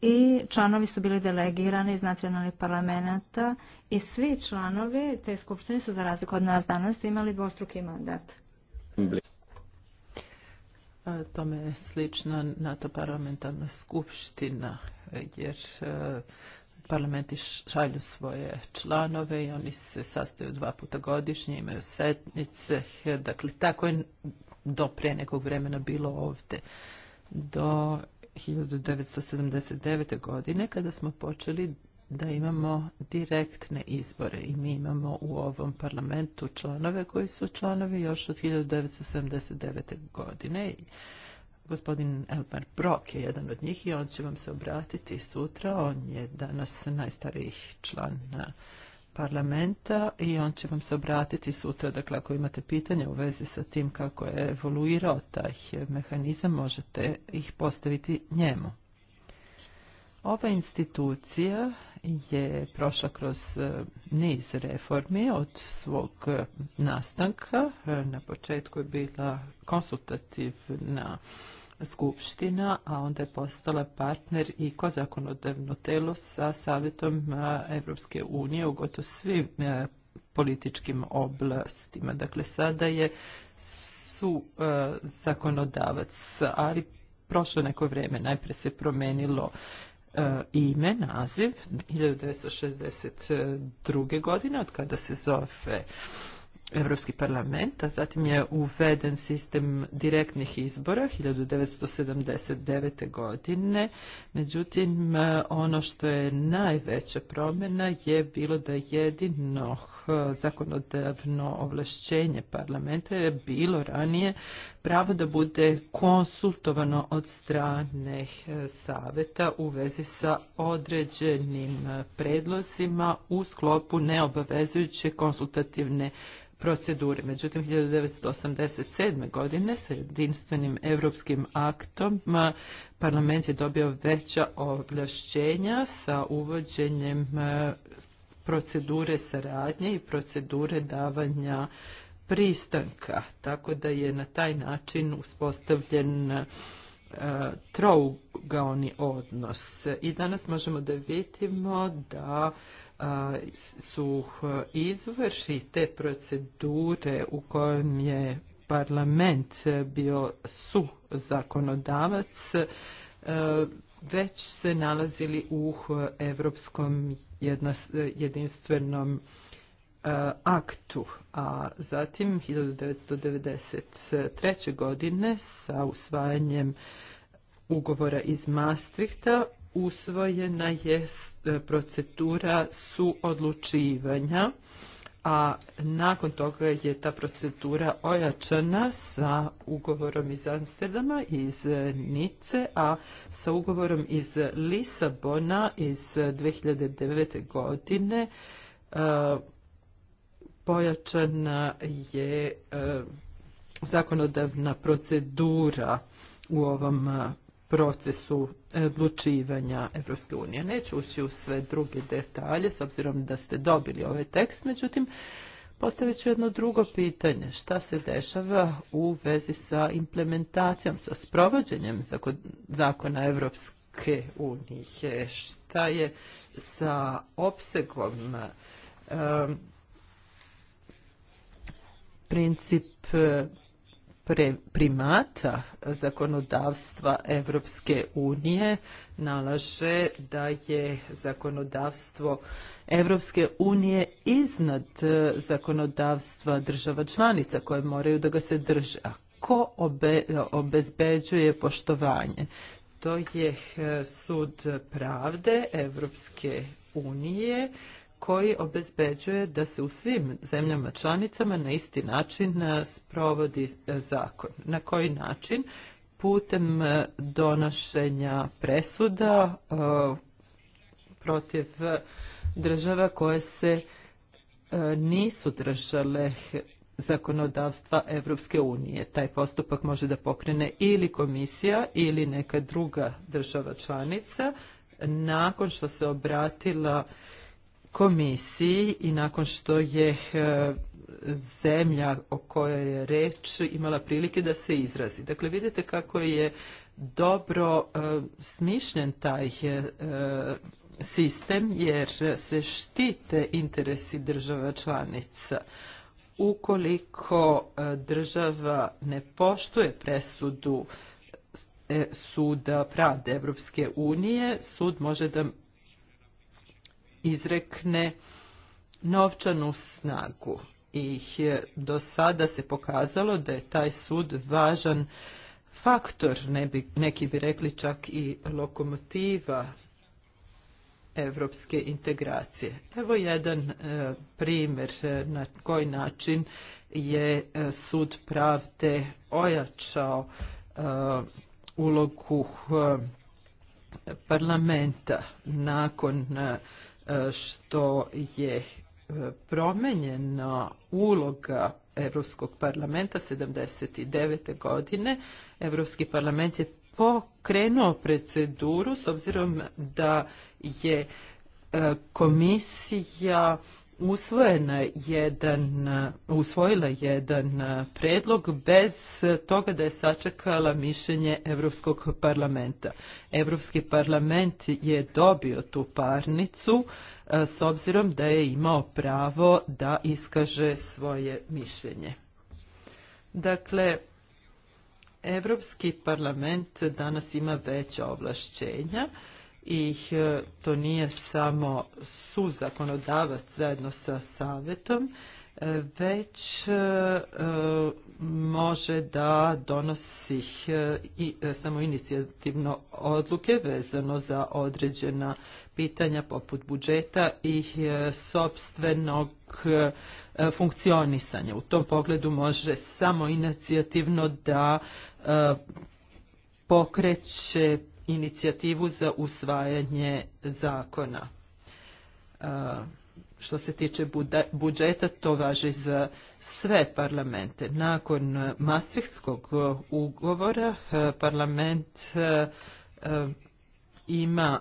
i članovi su bili delegirani iz nacionalnih parlamenta i svi članovi te skupštine su za razliku od nas danas imali dvostruki mandat. Tome je slična NATO parlamentarna skupština, jer e, parlamenti šalju svoje članove i oni se sastaju dva puta godišnje, imaju setnice, dakle tako je do pre nekog vremena bilo ovde do 1979. godine kada smo počeli da imamo direktne izbore i mi imamo u ovom parlamentu članove koji su članovi još od 1979. godine. Gospodin Elmar Brok je jedan od njih i on će vam se obratiti sutra. On je danas najstarijih član na uh, parlamenta i on će vam se obratiti sutra. Dakle, ako imate pitanja u vezi sa tim kako je evoluirao taj mehanizam, možete ih postaviti njemu. Ova institucija je prošla kroz e, niz reformi od svog e, nastanka. E, na početku je bila konsultativna reforma skupština, a onda je postala partner i ko zakonodavno telo sa Savjetom Evropske unije u gotovo svim e, političkim oblastima. Dakle, sada je su e, zakonodavac, ali prošlo neko vreme, najpre se promenilo e, ime, naziv, 1962. godine, od kada se zove Evropski parlament, a zatim je uveden sistem direktnih izbora 1979. godine. Međutim, ono što je najveća promjena je bilo da jedino zakonodavno ovlašćenje parlamenta je bilo ranije pravo da bude konsultovano od strane saveta u vezi sa određenim predlozima u sklopu neobavezujuće konsultativne procedure. Međutim, 1987. godine sa jedinstvenim evropskim aktom parlament je dobio veća ovlašćenja sa uvođenjem e, procedure saradnje i procedure davanja pristanka. Tako da je na taj način uspostavljen e, trougaoni odnos. I danas možemo da vidimo da uh, su eh, izvrši te procedure u kojem je parlament bio su zakonodavac eh, već se nalazili u eh, evropskom jedinstvenom aktu, a zatim 1993. godine sa usvajanjem ugovora iz Maastrichta usvojena je e, procedura suodlučivanja, a nakon toga je ta procedura ojačana sa ugovorom iz Amsterdama, iz Nice, a sa ugovorom iz Lisabona iz 2009. godine e, pojačana je e, zakonodavna procedura u ovom procesu odlučivanja Evropske unije. Neću ući u sve druge detalje, s obzirom da ste dobili ovaj tekst, međutim, postavit ću jedno drugo pitanje. Šta se dešava u vezi sa implementacijom, sa sprovođenjem zakona Evropske unije? Šta je sa opsegom um, princip primata zakonodavstva Evropske unije nalaže da je zakonodavstvo Evropske unije iznad e, zakonodavstva država članica koje moraju da ga se drže. A ko obe, obezbeđuje poštovanje? To je e, sud pravde Evropske unije koji obezbeđuje da se u svim zemljama članicama na isti način e, sprovodi e, zakon. Na koji način? Putem e, donošenja presuda protiv država koje se nisu držale zakonodavstva Evropske unije. Taj postupak može da pokrene ili komisija ili neka druga država članica nakon što se obratila uh, komisiji i nakon što je e, zemlja o kojoj je reč imala prilike da se izrazi. Dakle, vidite kako je dobro e, smišljen taj e, sistem jer se štite interesi država članica. Ukoliko država ne poštuje presudu suda pravde Evropske unije, sud može da izrekne novčanu snagu. I do sada se pokazalo da je taj sud važan faktor, ne bi, neki bi rekli čak i lokomotiva evropske integracije. Evo jedan e, primjer e, na koji način je e, sud pravde ojačao e, ulogu e, parlamenta nakon e, što je e, promenjena uloga Evropskog parlamenta 79. godine. Evropski parlament je pokrenuo proceduru s obzirom da je e, komisija usvojena jedan, usvojila jedan predlog bez toga da je sačekala mišljenje Evropskog parlamenta. Evropski parlament je dobio tu parnicu e, s obzirom da je imao pravo da iskaže svoje mišljenje. Dakle, Evropski parlament danas ima veća ovlašćenja ih e, to nije samo zakonodavac zajedno sa savjetom, e, već e, može da donosi samo inicijativno odluke vezano za određena pitanja poput budžeta i sobstvenog funkcionisanja. U tom pogledu može samo inicijativno da pokreće inicijativu za usvajanje zakona. E, što se tiče budžeta, to važi za sve parlamente. Nakon Maastrichtskog ugovora e, parlament e, ima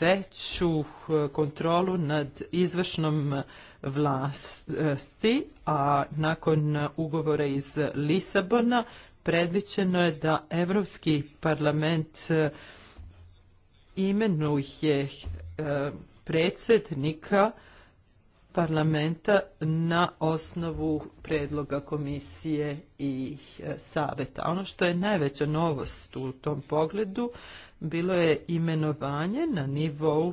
veću kontrolu nad izvršnom vlasti, a nakon ugovora iz Lisabona predviđeno je da Evropski parlament e, imenuje e, predsednika parlamenta na osnovu predloga komisije i e, saveta. Ono što je najveća novost u tom pogledu bilo je imenovanje na nivou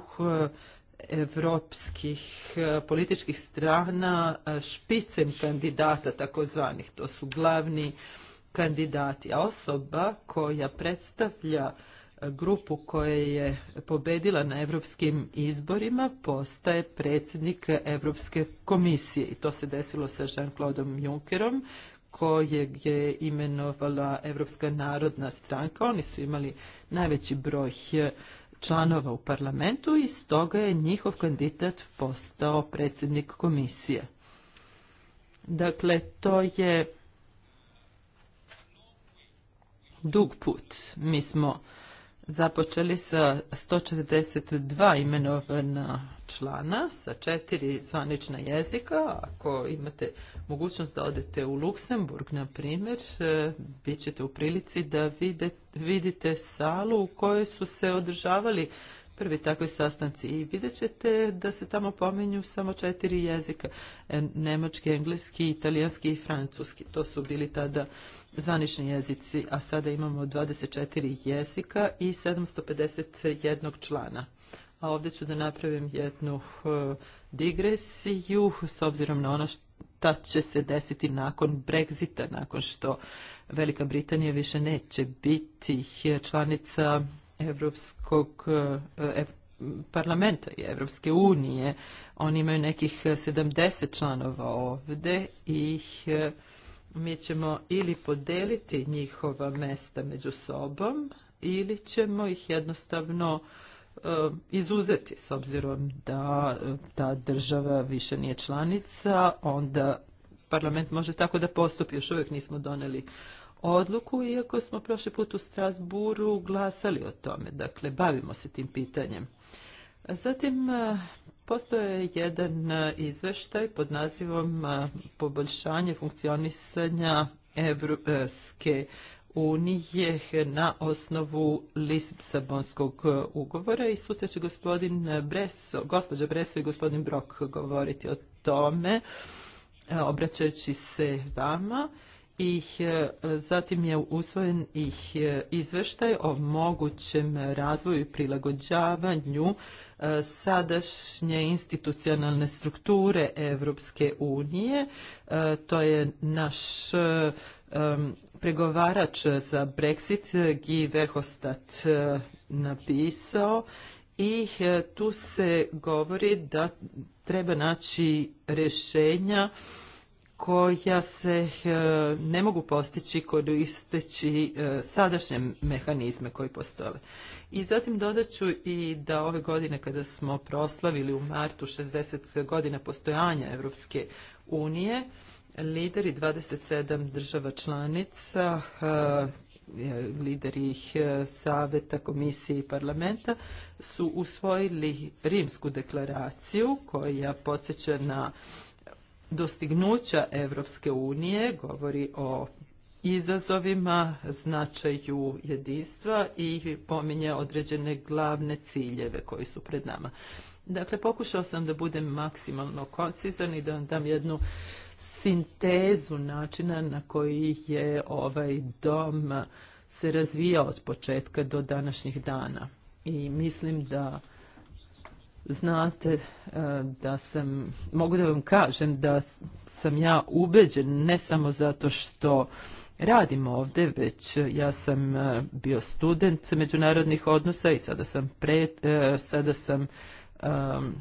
evropskih političkih strana špicen kandidata takozvanih. To su glavni uh, kandidati, a osoba koja predstavlja grupu koja je pobedila na evropskim izborima postaje predsjednik Evropske komisije i to se desilo sa Jean-Claude Junckerom kojeg je imenovala Evropska narodna stranka. Oni su imali najveći broj članova u parlamentu i stoga je njihov kandidat postao predsjednik komisije. Dakle, to je dug put. Mi smo započeli sa 142 imenovana člana sa četiri zvanična jezika. Ako imate mogućnost da odete u Luksemburg, na primjer, e, bit ćete u prilici da vidite salu u kojoj su se održavali prvi takvi sastanci i vidjet ćete da se tamo pominju samo četiri jezika, e, nemački, engleski, italijanski i francuski. To su bili tada zvanični jezici, a sada imamo 24 jezika i 751 člana. A ovdje ću da napravim jednu digresiju s obzirom na ono šta će se desiti nakon Brexita, nakon što Velika Britanija više neće biti članica Evropskog eh, eh, parlamenta i Evropske unije. Oni imaju nekih 70 članova ovde i eh, mi ćemo ili podeliti njihova mesta među sobom ili ćemo ih jednostavno izuzeti s obzirom da ta država više nije članica, onda parlament može tako da postupi. Još uvijek nismo doneli odluku, iako smo prošli put u Strasburu glasali o tome. Dakle, bavimo se tim pitanjem. Zatim, e, postoje jedan e, izveštaj pod nazivom e, Poboljšanje funkcionisanja Evropske unije na osnovu Lisabonskog ugovora i sutra će gospodin Breso, gospođa Breso i gospodin Brok govoriti o tome, obraćajući se vama ih e, zatim je usvojen ih e, izveštaj o mogućem razvoju i prilagođavanju e, sadašnje institucionalne strukture Evropske unije. To je naš pregovarač za Brexit Guy Verhofstadt napisao i tu se govori da treba naći rešenja koja se e, ne mogu postići kod isteći e, sadašnje mehanizme koji postoje. I zatim dodaću i da ove godine kada smo proslavili u martu 60 godina postojanja Evropske unije, lideri 27 država članica, e, lideri Saveta, Komisije i Parlamenta su usvojili Rimsku deklaraciju koja podsjeća na Dostignuća Evropske unije govori o izazovima, značaju jedinstva i pominje određene glavne ciljeve koji su pred nama. Dakle, pokušao sam da budem maksimalno koncizan i da vam dam jednu sintezu načina na koji je ovaj dom se razvijao od početka do današnjih dana. I mislim da znate e, da sam, mogu da vam kažem da sam ja ubeđen ne samo zato što radim ovde, već e, ja sam e, bio student međunarodnih odnosa i sada sam, pre, sada sam um,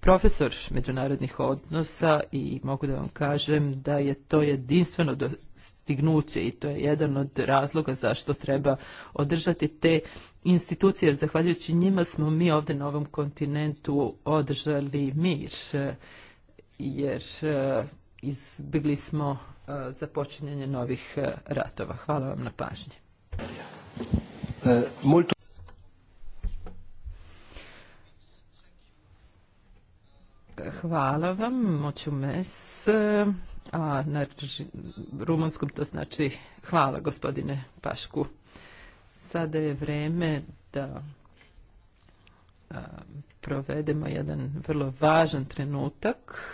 profesor međunarodnih odnosa i mogu da vam kažem da je to jedinstveno dostignuće i to je jedan od razloga zašto treba održati te uh, institucije, jer zahvaljujući njima smo mi ovdje na ovom kontinentu održali mir, jer e, izbjegli smo e, započinjanje novih e, ratova. Hvala vam na pažnje. Hvala vam, moću mes, a na rumunskom to znači hvala gospodine Pašku sada je vreme da provedemo jedan vrlo važan trenutak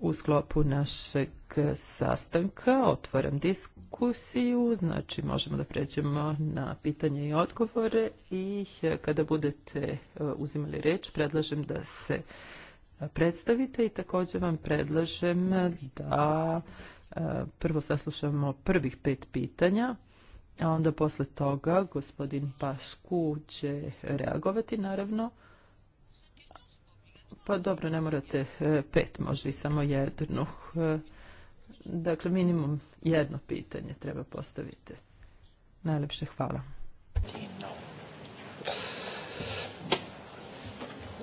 u sklopu našeg sastanka. Otvaram diskusiju, znači možemo da pređemo na pitanje i odgovore i kada budete e, uzimali reč predlažem da se predstavite i također vam predlažem da e, prvo saslušamo prvih pet pitanja a onda posle toga gospodin Pašku će reagovati naravno. Pa dobro, ne morate e, pet, može i samo jednu. E, dakle, minimum jedno pitanje treba postaviti. Najlepše hvala.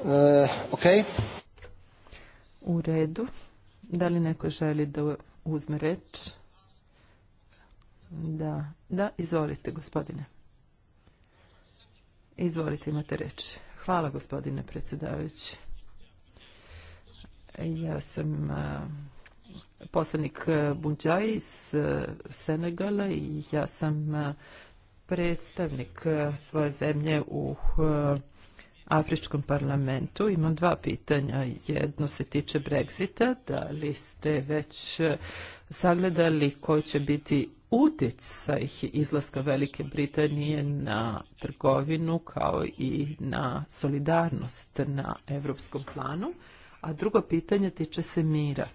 Uh, e, ok. U redu. Da li neko želi da uzme reč? Da, da, izvolite gospodine. Izvolite, imate reč. Hvala gospodine predsjedavajući. Ja sam poslanik Bunđaj iz Senegala i ja sam predstavnik svoje zemlje u Afričkom parlamentu. Imam dva pitanja. Jedno se tiče Brexita. Da li ste već eh, sagledali koji će biti utjecaj izlaska Velike Britanije na trgovinu kao i na solidarnost na evropskom planu? A drugo pitanje tiče se mira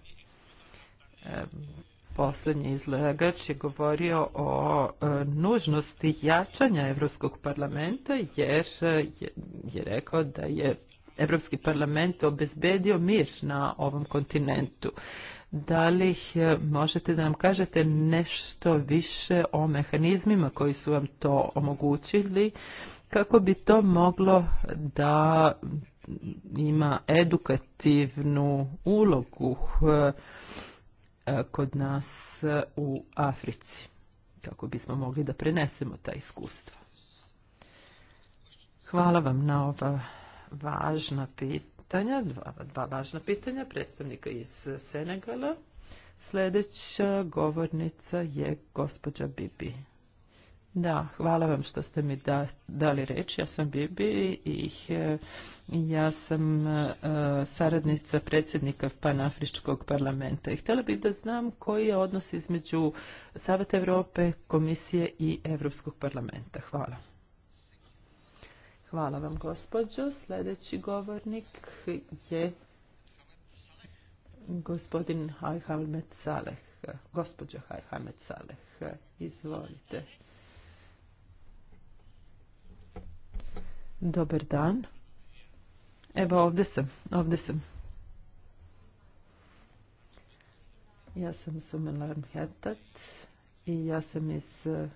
posljednji izlagač je govorio o e, nužnosti jačanja Evropskog parlamenta jer e, je, je rekao da je Evropski parlament obezbedio mir na ovom kontinentu. Da li e, možete da nam kažete nešto više o mehanizmima koji su vam to omogućili kako bi to moglo da ima edukativnu ulogu E, kod nas u Africi kako bismo mogli da prenesemo ta iskustva. Hvala vam na ova važna pitanja, dva, dva važna pitanja predstavnika iz Senegala. Sljedeća govornica je gospođa Bibi. Da, hvala vam što ste mi da, dali reč. Ja sam Bibi e, i ja sam uh, saradnica predsjednika Panafričkog parlamenta. I htjela bih da znam koji je odnos između Saveta Evrope, Komisije i Evropskog parlamenta. Hvala. Hvala vam, gospođo. Sljedeći govornik je gospodin Hajhamed Saleh. Gospođa Hajhamed Saleh, izvolite. Dobar dan. Evo ovdje sam, ovdje sam. Ja sam Sumen Larmhetat i ja sam iz eh,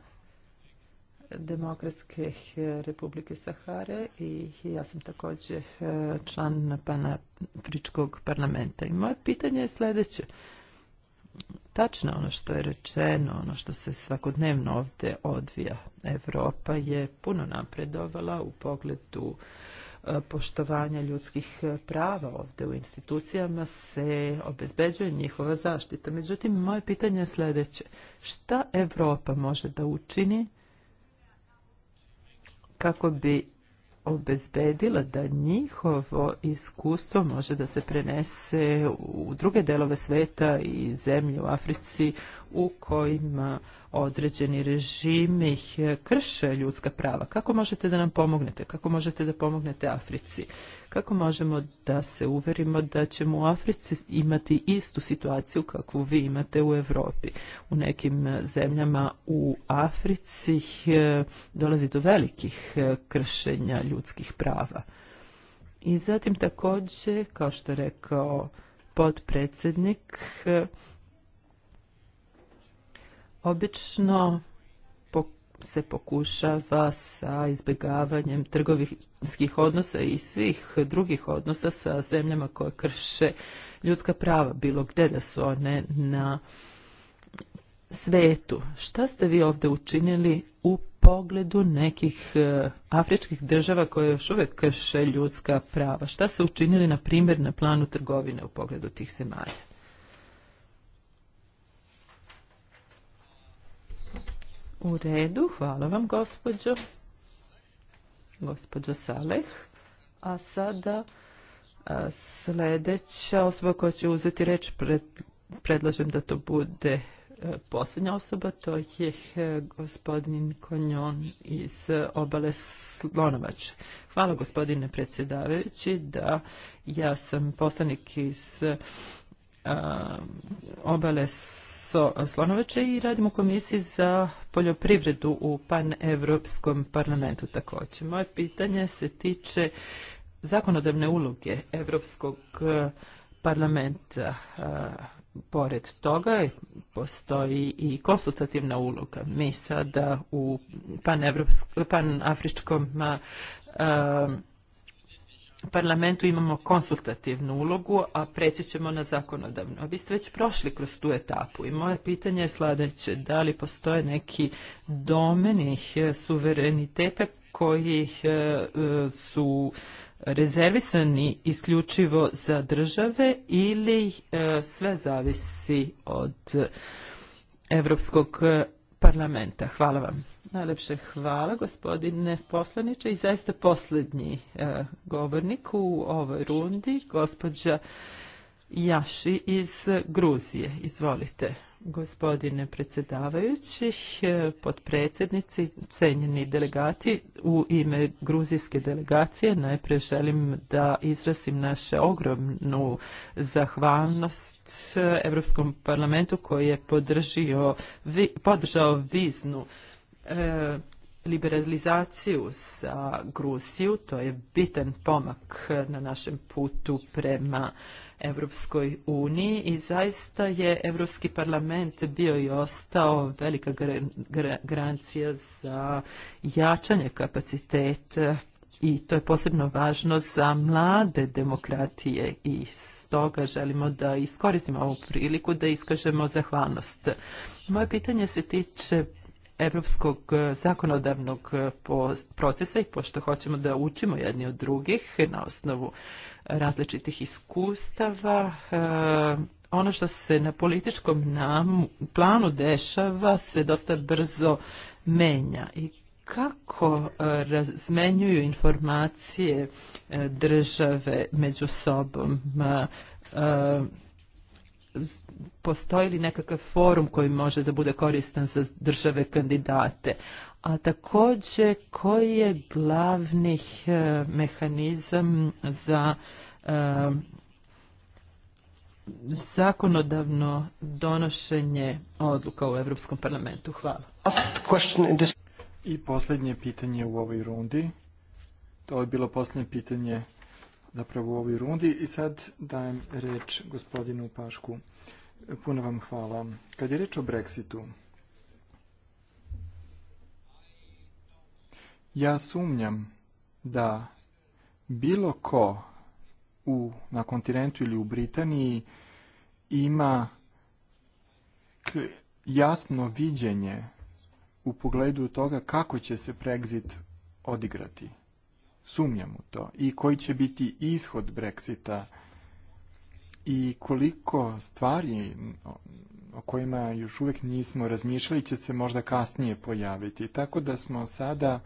Demokratske eh, republike Sahare i ja sam također eh, član pana Fričkog parlamenta. I moje pitanje je sljedeće tačno ono što je rečeno, ono što se svakodnevno ovdje odvija. Evropa je puno napredovala u pogledu e, poštovanja ljudskih e, prava ovdje u institucijama se obezbeđuje njihova zaštita. Međutim, moje pitanje je sljedeće. Šta Evropa može da učini kako bi obezbedila da njihovo iskustvo može da se prenese u druge delove sveta i zemlje u Africi, u kojima određeni režimi krše ljudska prava. Kako možete da nam pomognete? Kako možete da pomognete Africi? Kako možemo da se uverimo da ćemo u Africi imati istu situaciju kakvu vi imate u Evropi? U nekim e, zemljama u Africi e, dolazi do velikih e, kršenja ljudskih prava. I zatim također, kao što je rekao podpredsednik, Obično se pokušava sa izbjegavanjem trgovinskih odnosa i svih drugih odnosa sa zemljama koje krše ljudska prava, bilo gde da su one na svetu. Šta ste vi ovde učinili u pogledu nekih e, afričkih država koje još uvek krše ljudska prava? Šta ste učinili, na primjer, na planu trgovine u pogledu tih zemalja? U redu, hvala vam gospođo, gospođo Saleh. A sada a, osoba koja će uzeti reč, pred, predlažem da to bude e, posljednja osoba, to je e, gospodin Konjon iz obale Slonovač. Hvala gospodine predsjedavajući da ja sam poslanik iz a, obale Slonovač Slonovića i radimo Komisiji za poljoprivredu u Panevropskom parlamentu također. Moje pitanje se tiče zakonodavne uloge Evropskog e, parlamenta. E, pored toga postoji i konsultativna uloga. Mi sada u panafričkom pan e, parlamentu imamo konsultativnu ulogu, a preći ćemo na zakonodavnu. vi ste već prošli kroz tu etapu i moje pitanje je sljedeće, da li postoje neki domenih e, suvereniteta koji e, e, su rezervisani isključivo za države ili sve zavisi od Evropskog parlamenta. Hvala vam. Najlepše hvala gospodine poslaniče i zaista poslednji e, govornik u ovoj rundi, gospođa Jaši iz Gruzije. Izvolite gospodine predsjedavajući, e, potpredsjednici, cenjeni delegati. U ime gruzijske delegacije najprije želim da izrazim naše ogromnu zahvalnost Europskom parlamentu koji je podržio, vi, podržao viznu e, liberalizaciju sa Gruziju. To je bitan pomak na našem putu prema Evropskoj uniji i zaista je Evropski parlament bio i ostao velika garancija za jačanje kapaciteta i to je posebno važno za mlade demokratije i stoga želimo da iskoristimo ovu priliku da iskažemo zahvalnost. Moje pitanje se tiče evropskog eh, zakonodavnog eh, procesa i pošto hoćemo da učimo jedni od drugih na osnovu različitih iskustava, eh, ono što se na političkom planu dešava se dosta brzo menja i kako razmenjuju informacije države među sobom postoji li nekakav forum koji može da bude koristan za države kandidate? A također koji je glavni eh, mehanizam za eh, zakonodavno donošenje odluka u evropskom parlamentu. Hvala. I posljednje pitanje u ovoj rundi. To je bilo posljednje pitanje zapravo u ovoj rundi i sad dajem reč gospodinu Pašku. Puno vam hvala. Kad je reč o Brexitu, ja sumnjam da bilo ko u, na kontinentu ili u Britaniji ima jasno viđenje u pogledu toga kako će se Brexit odigrati. Sumnjam u to. I koji će biti ishod Brexita i koliko stvari o kojima još uvijek nismo razmišljali će se možda kasnije pojaviti. Tako da smo sada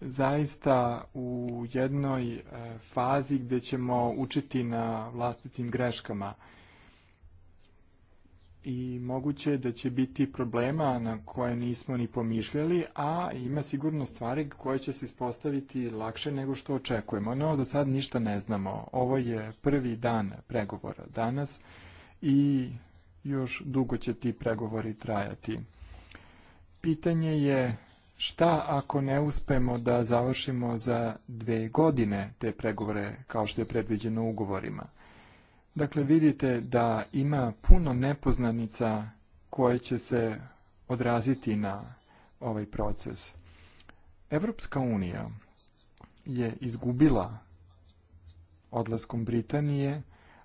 zaista u jednoj e, fazi gdje ćemo učiti na vlastitim greškama i moguće da će biti problema na koje nismo ni pomišljali, a ima sigurno stvari koje će se ispostaviti lakše nego što očekujemo. No, za sad ništa ne znamo. Ovo je prvi dan pregovora danas i još dugo će ti pregovori trajati. Pitanje je šta ako ne uspemo da završimo za dve godine te pregovore kao što je predviđeno ugovorima? Dakle, vidite da ima puno nepoznanica koje će se odraziti na ovaj proces. Evropska unija je izgubila odlaskom Britanije,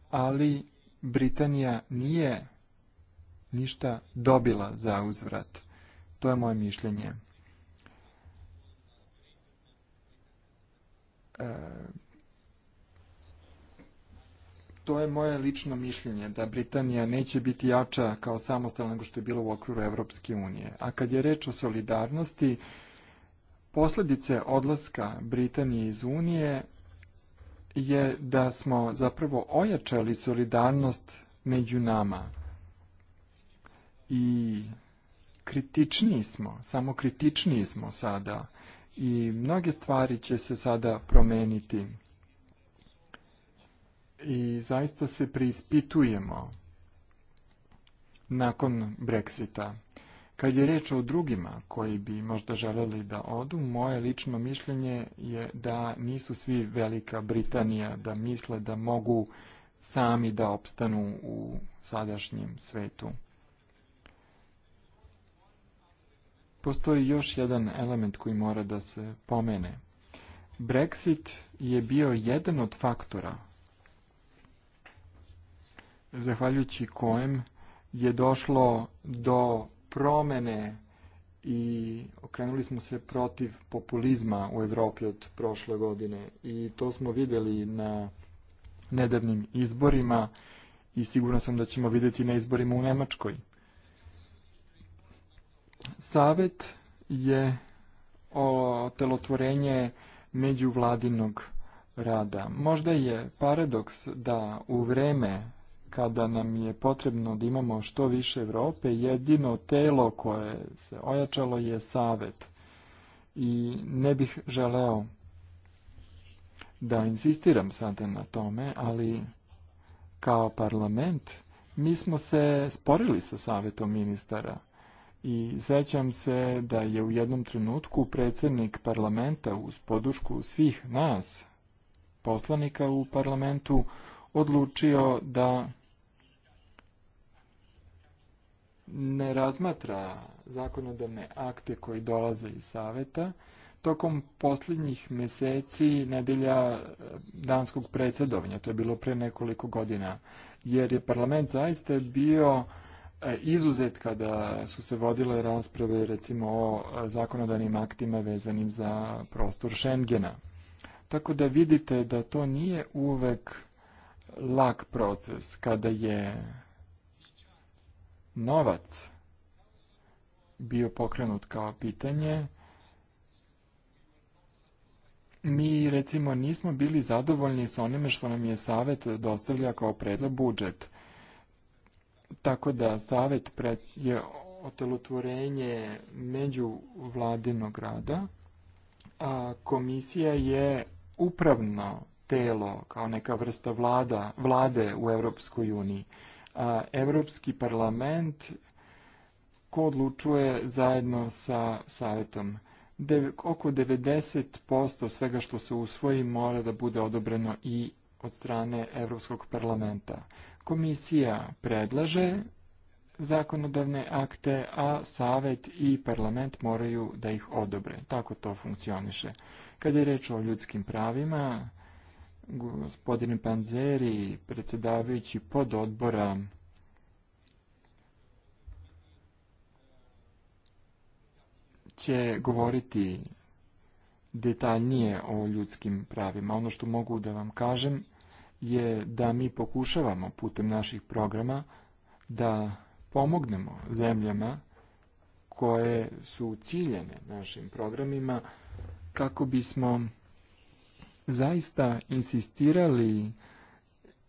ali Britanija nije ništa dobila za uzvrat. To je moje mišljenje. E, to je moje lično mišljenje da Britanija neće biti jača kao samostalna nego što je bilo u okviru Evropske unije. A kad je reč o solidarnosti, posledice odlaska Britanije iz Unije je da smo zapravo ojačali solidarnost među nama i kritičniji smo, samo kritičniji smo sada i mnoge stvari će se sada promeniti i zaista se preispitujemo nakon Brexita. Kad je reč o drugima koji bi možda želeli da odu, moje lično mišljenje je da nisu svi Velika Britanija, da misle da mogu sami da opstanu u sadašnjem svetu. Postoji još jedan element koji mora da se pomene. Brexit je bio jedan od faktora zahvaljujući kojem je došlo do promene i okrenuli smo se protiv populizma u Evropi od prošle godine i to smo videli na nedavnim izborima i sigurno sam da ćemo videti na izborima u Nemačkoj. Savet je o telotvorenje međuvladinog rada. Možda je paradoks da u vreme kada nam je potrebno da imamo što više Evrope. jedino telo koje se ojačalo je savet. I ne bih želeo da insistiram sada na tome, ali kao parlament mi smo se sporili sa savetom ministara. I sećam se da je u jednom trenutku predsednik parlamenta uz podušku svih nas, poslanika u parlamentu, odlučio da ne razmatra zakonodavne akte koji dolaze iz saveta, tokom posljednjih mjeseci nedelja e, danskog predsjedovanja, to je bilo pre nekoliko godina, jer je parlament zaista bio e, izuzet kada su se vodile rasprave recimo o e, zakonodanim aktima vezanim za prostor Schengena. Tako da vidite da to nije uvek lak proces kada je novac bio pokrenut kao pitanje, mi recimo nismo bili zadovoljni sa onime što nam je savet dostavlja kao pred za budžet. Tako da savet je otelotvorenje među vladinog rada, a komisija je upravno telo kao neka vrsta vlada, vlade u Europskoj uniji a Evropski parlament ko odlučuje zajedno sa savjetom. De, oko 90% svega što se usvoji mora da bude odobreno i od strane Evropskog parlamenta. Komisija predlaže zakonodavne akte, a savet i parlament moraju da ih odobre. Tako to funkcioniše. Kad je reč o ljudskim pravima, gospodin Panzeri, predsedavajući pod odbora će govoriti detaljnije o ljudskim pravima. Ono što mogu da vam kažem je da mi pokušavamo putem naših programa da pomognemo zemljama koje su ciljene našim programima kako bismo zaista insistirali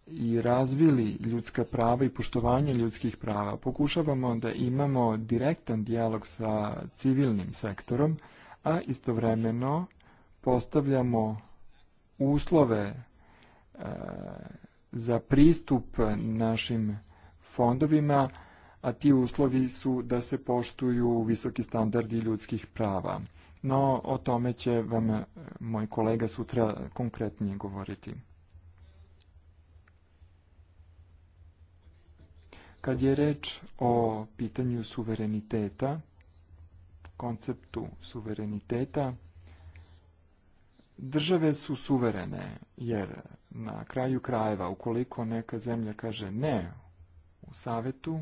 i razvili ljudska prava i poštovanje ljudskih prava. Pokušavamo da imamo direktan dijalog sa civilnim sektorom, a istovremeno postavljamo uslove e, za pristup našim fondovima, a ti uslovi su da se poštuju visoki standardi ljudskih prava no o tome će vam eh, moj kolega sutra konkretnije govoriti. Kad je reč o pitanju suvereniteta, konceptu suvereniteta, države su suverene, jer na kraju krajeva, ukoliko neka zemlja kaže ne u savetu,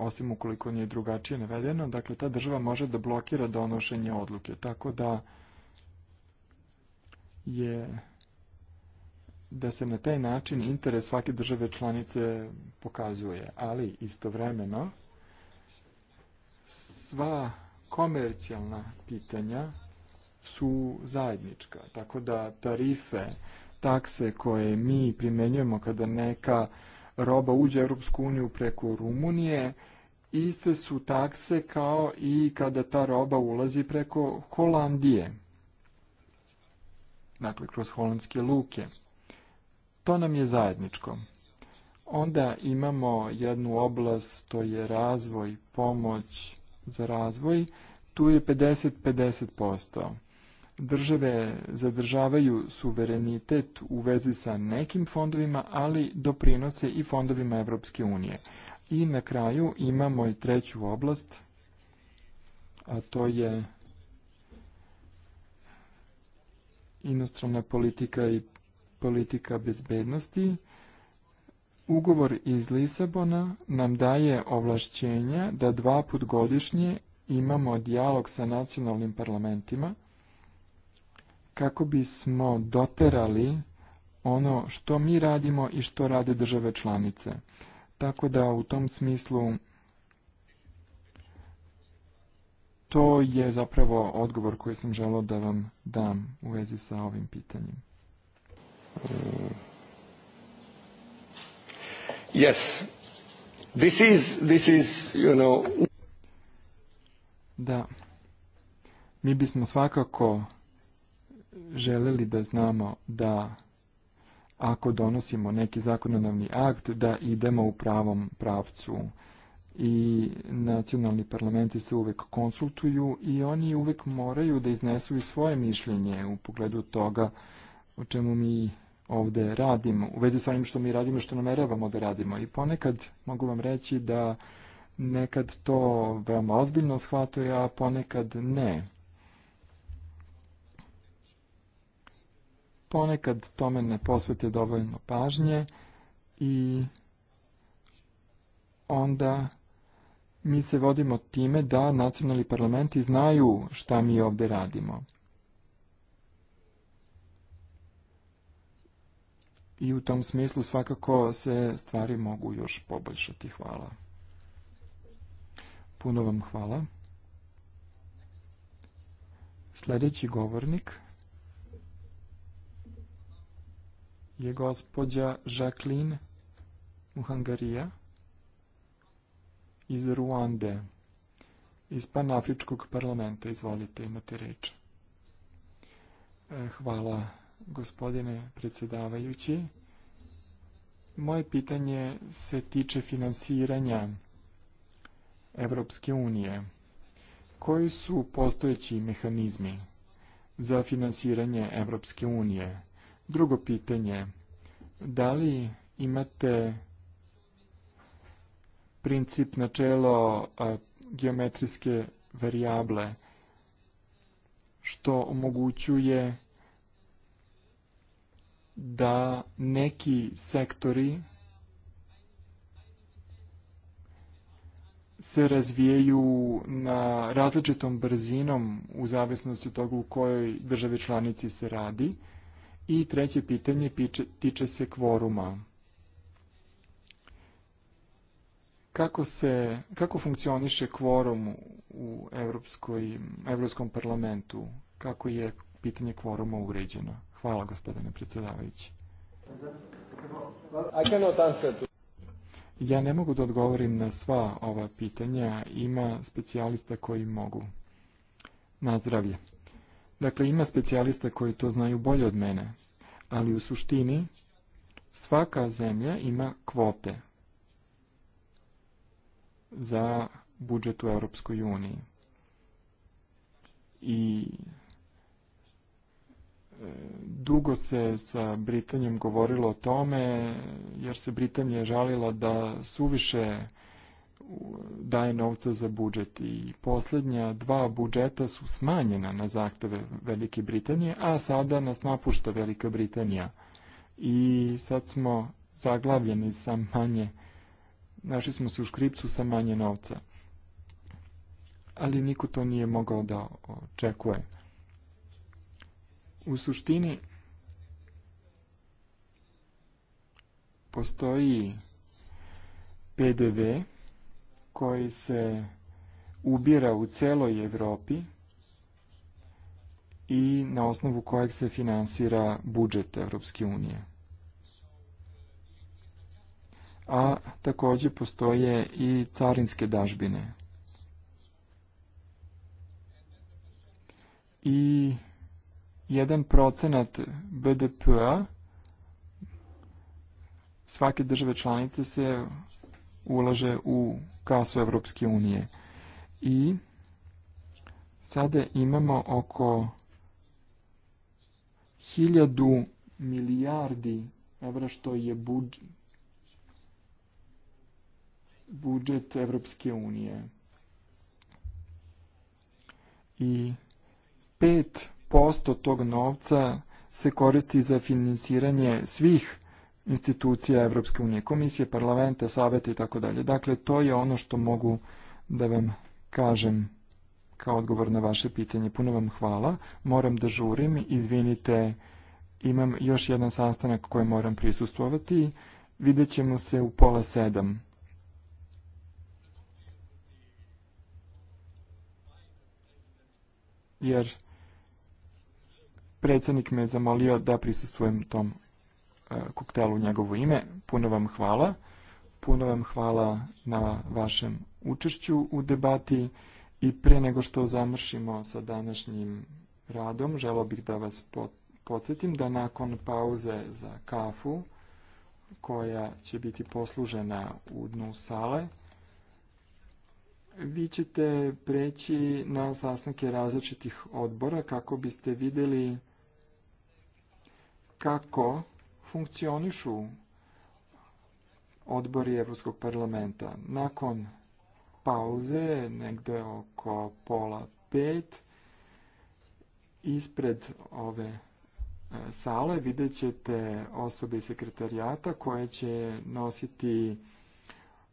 osim ukoliko nije drugačije navedeno, dakle ta država može da blokira donošenje odluke, tako da je da se na taj način interes svake države članice pokazuje, ali istovremeno sva komercijalna pitanja su zajednička, tako da tarife, takse koje mi primenjujemo kada neka roba uđe u Europsku uniju preko Rumunije, iste su takse kao i kada ta roba ulazi preko Holandije, dakle kroz holandske luke. To nam je zajedničko. Onda imamo jednu oblast, to je razvoj, pomoć za razvoj, tu je 50-50%. Države zadržavaju suverenitet u vezi sa nekim fondovima, ali doprinose i fondovima Evropske unije. I na kraju imamo i treću oblast, a to je inostrana politika i politika bezbednosti. Ugovor iz Lisabona nam daje ovlašćenja da dva put godišnje imamo dijalog sa nacionalnim parlamentima kako bismo doterali ono što mi radimo i što rade države članice. Tako da u tom smislu to je zapravo odgovor koji sam želao da vam dam u vezi sa ovim pitanjem. Yes. This is, this is, you know... Da. Mi bismo svakako želeli da znamo da ako donosimo neki zakonodavni akt da idemo u pravom pravcu i nacionalni parlamenti se uvek konsultuju i oni uvek moraju da iznesu i svoje mišljenje u pogledu toga o čemu mi ovde radimo, u vezi sa onim što mi radimo, što nameravamo da radimo. I ponekad mogu vam reći da nekad to veoma ozbiljno shvatuje, a ponekad ne. ponekad tome ne posvete dovoljno pažnje i onda mi se vodimo time da nacionalni parlamenti znaju šta mi ovde radimo. I u tom smislu svakako se stvari mogu još poboljšati. Hvala. Puno vam hvala. Sljedeći govornik jego spodzia Jacqueline Muhangaria iz Ruande, iz Panafričkog parlamenta. Izvolite, imate reč. E, hvala, gospodine predsedavajući. Moje pitanje se tiče finansiranja Evropske unije. Koji su postojeći mehanizmi za finansiranje Evropske unije? Drugo pitanje, da li imate princip načelo geometrijske varijable što omogućuje da neki sektori se razvijaju na različitom brzinom u zavisnosti od toga u kojoj državi članici se radi – I treće pitanje tiče se kvoruma. Kako, se, kako funkcioniše kvorum u Evropskoj, Evropskom parlamentu? Kako je pitanje kvoruma uređeno? Hvala, gospodine predsedavajući. Ja ne mogu da odgovorim na sva ova pitanja. Ima specijalista koji mogu. Na zdravlje. Dakle, ima specijalista koji to znaju bolje od mene, ali u suštini svaka zemlja ima kvote za budžet u Europskoj uniji. I e, dugo se sa Britanijom govorilo o tome, jer se Britanija žalila da suviše daje novca za budžet i poslednja dva budžeta su smanjena na zahteve Velike Britanije, a sada nas napušta Velika Britanija. I sad smo zaglavljeni sa manje, našli smo se u škripcu sa manje novca. Ali niko to nije mogao da očekuje. U suštini postoji PDV, koji se ubira u celoj Evropi i na osnovu kojeg se finansira budžet Evropske unije. A takođe postoje i carinske dažbine. I jedan procenat BDP-a svake države članice se ulaže u kasu Evropske unije. I sada imamo oko hiljadu milijardi evra što je budžet budžet Evropske unije. I 5% tog novca se koristi za finansiranje svih institucija Evropske unije, komisije, parlamente, savete i tako dalje. Dakle, to je ono što mogu da vam kažem kao odgovor na vaše pitanje. Puno vam hvala. Moram da žurim. Izvinite, imam još jedan sastanak koji moram prisustovati. Vidjet ćemo se u pola sedam. Jer predsednik me je zamolio da prisustujem tom Koktelu njegovo ime. Puno vam hvala. Puno vam hvala na vašem učešću u debati i pre nego što zamršimo sa današnjim radom, želao bih da vas podsjetim da nakon pauze za kafu, koja će biti poslužena u dnu sale, vi ćete preći na sastanke različitih odbora kako biste videli kako funkcionišu odbori Evropskog parlamenta. Nakon pauze, negde oko pola pet, ispred ove e, sale vidjet ćete osobe iz sekretarijata koje će nositi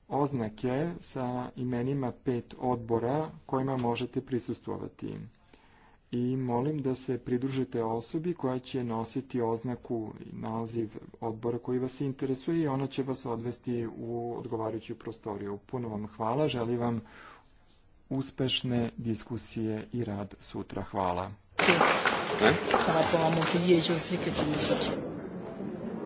oznake sa imenima pet odbora kojima možete prisustovati i molim da se pridružite osobi koja će nositi oznaku i naziv odbora koji vas interesuje i ona će vas odvesti u odgovarajuću prostoriju. Puno vam hvala, želim vam uspešne diskusije i rad sutra. Hvala. Ne?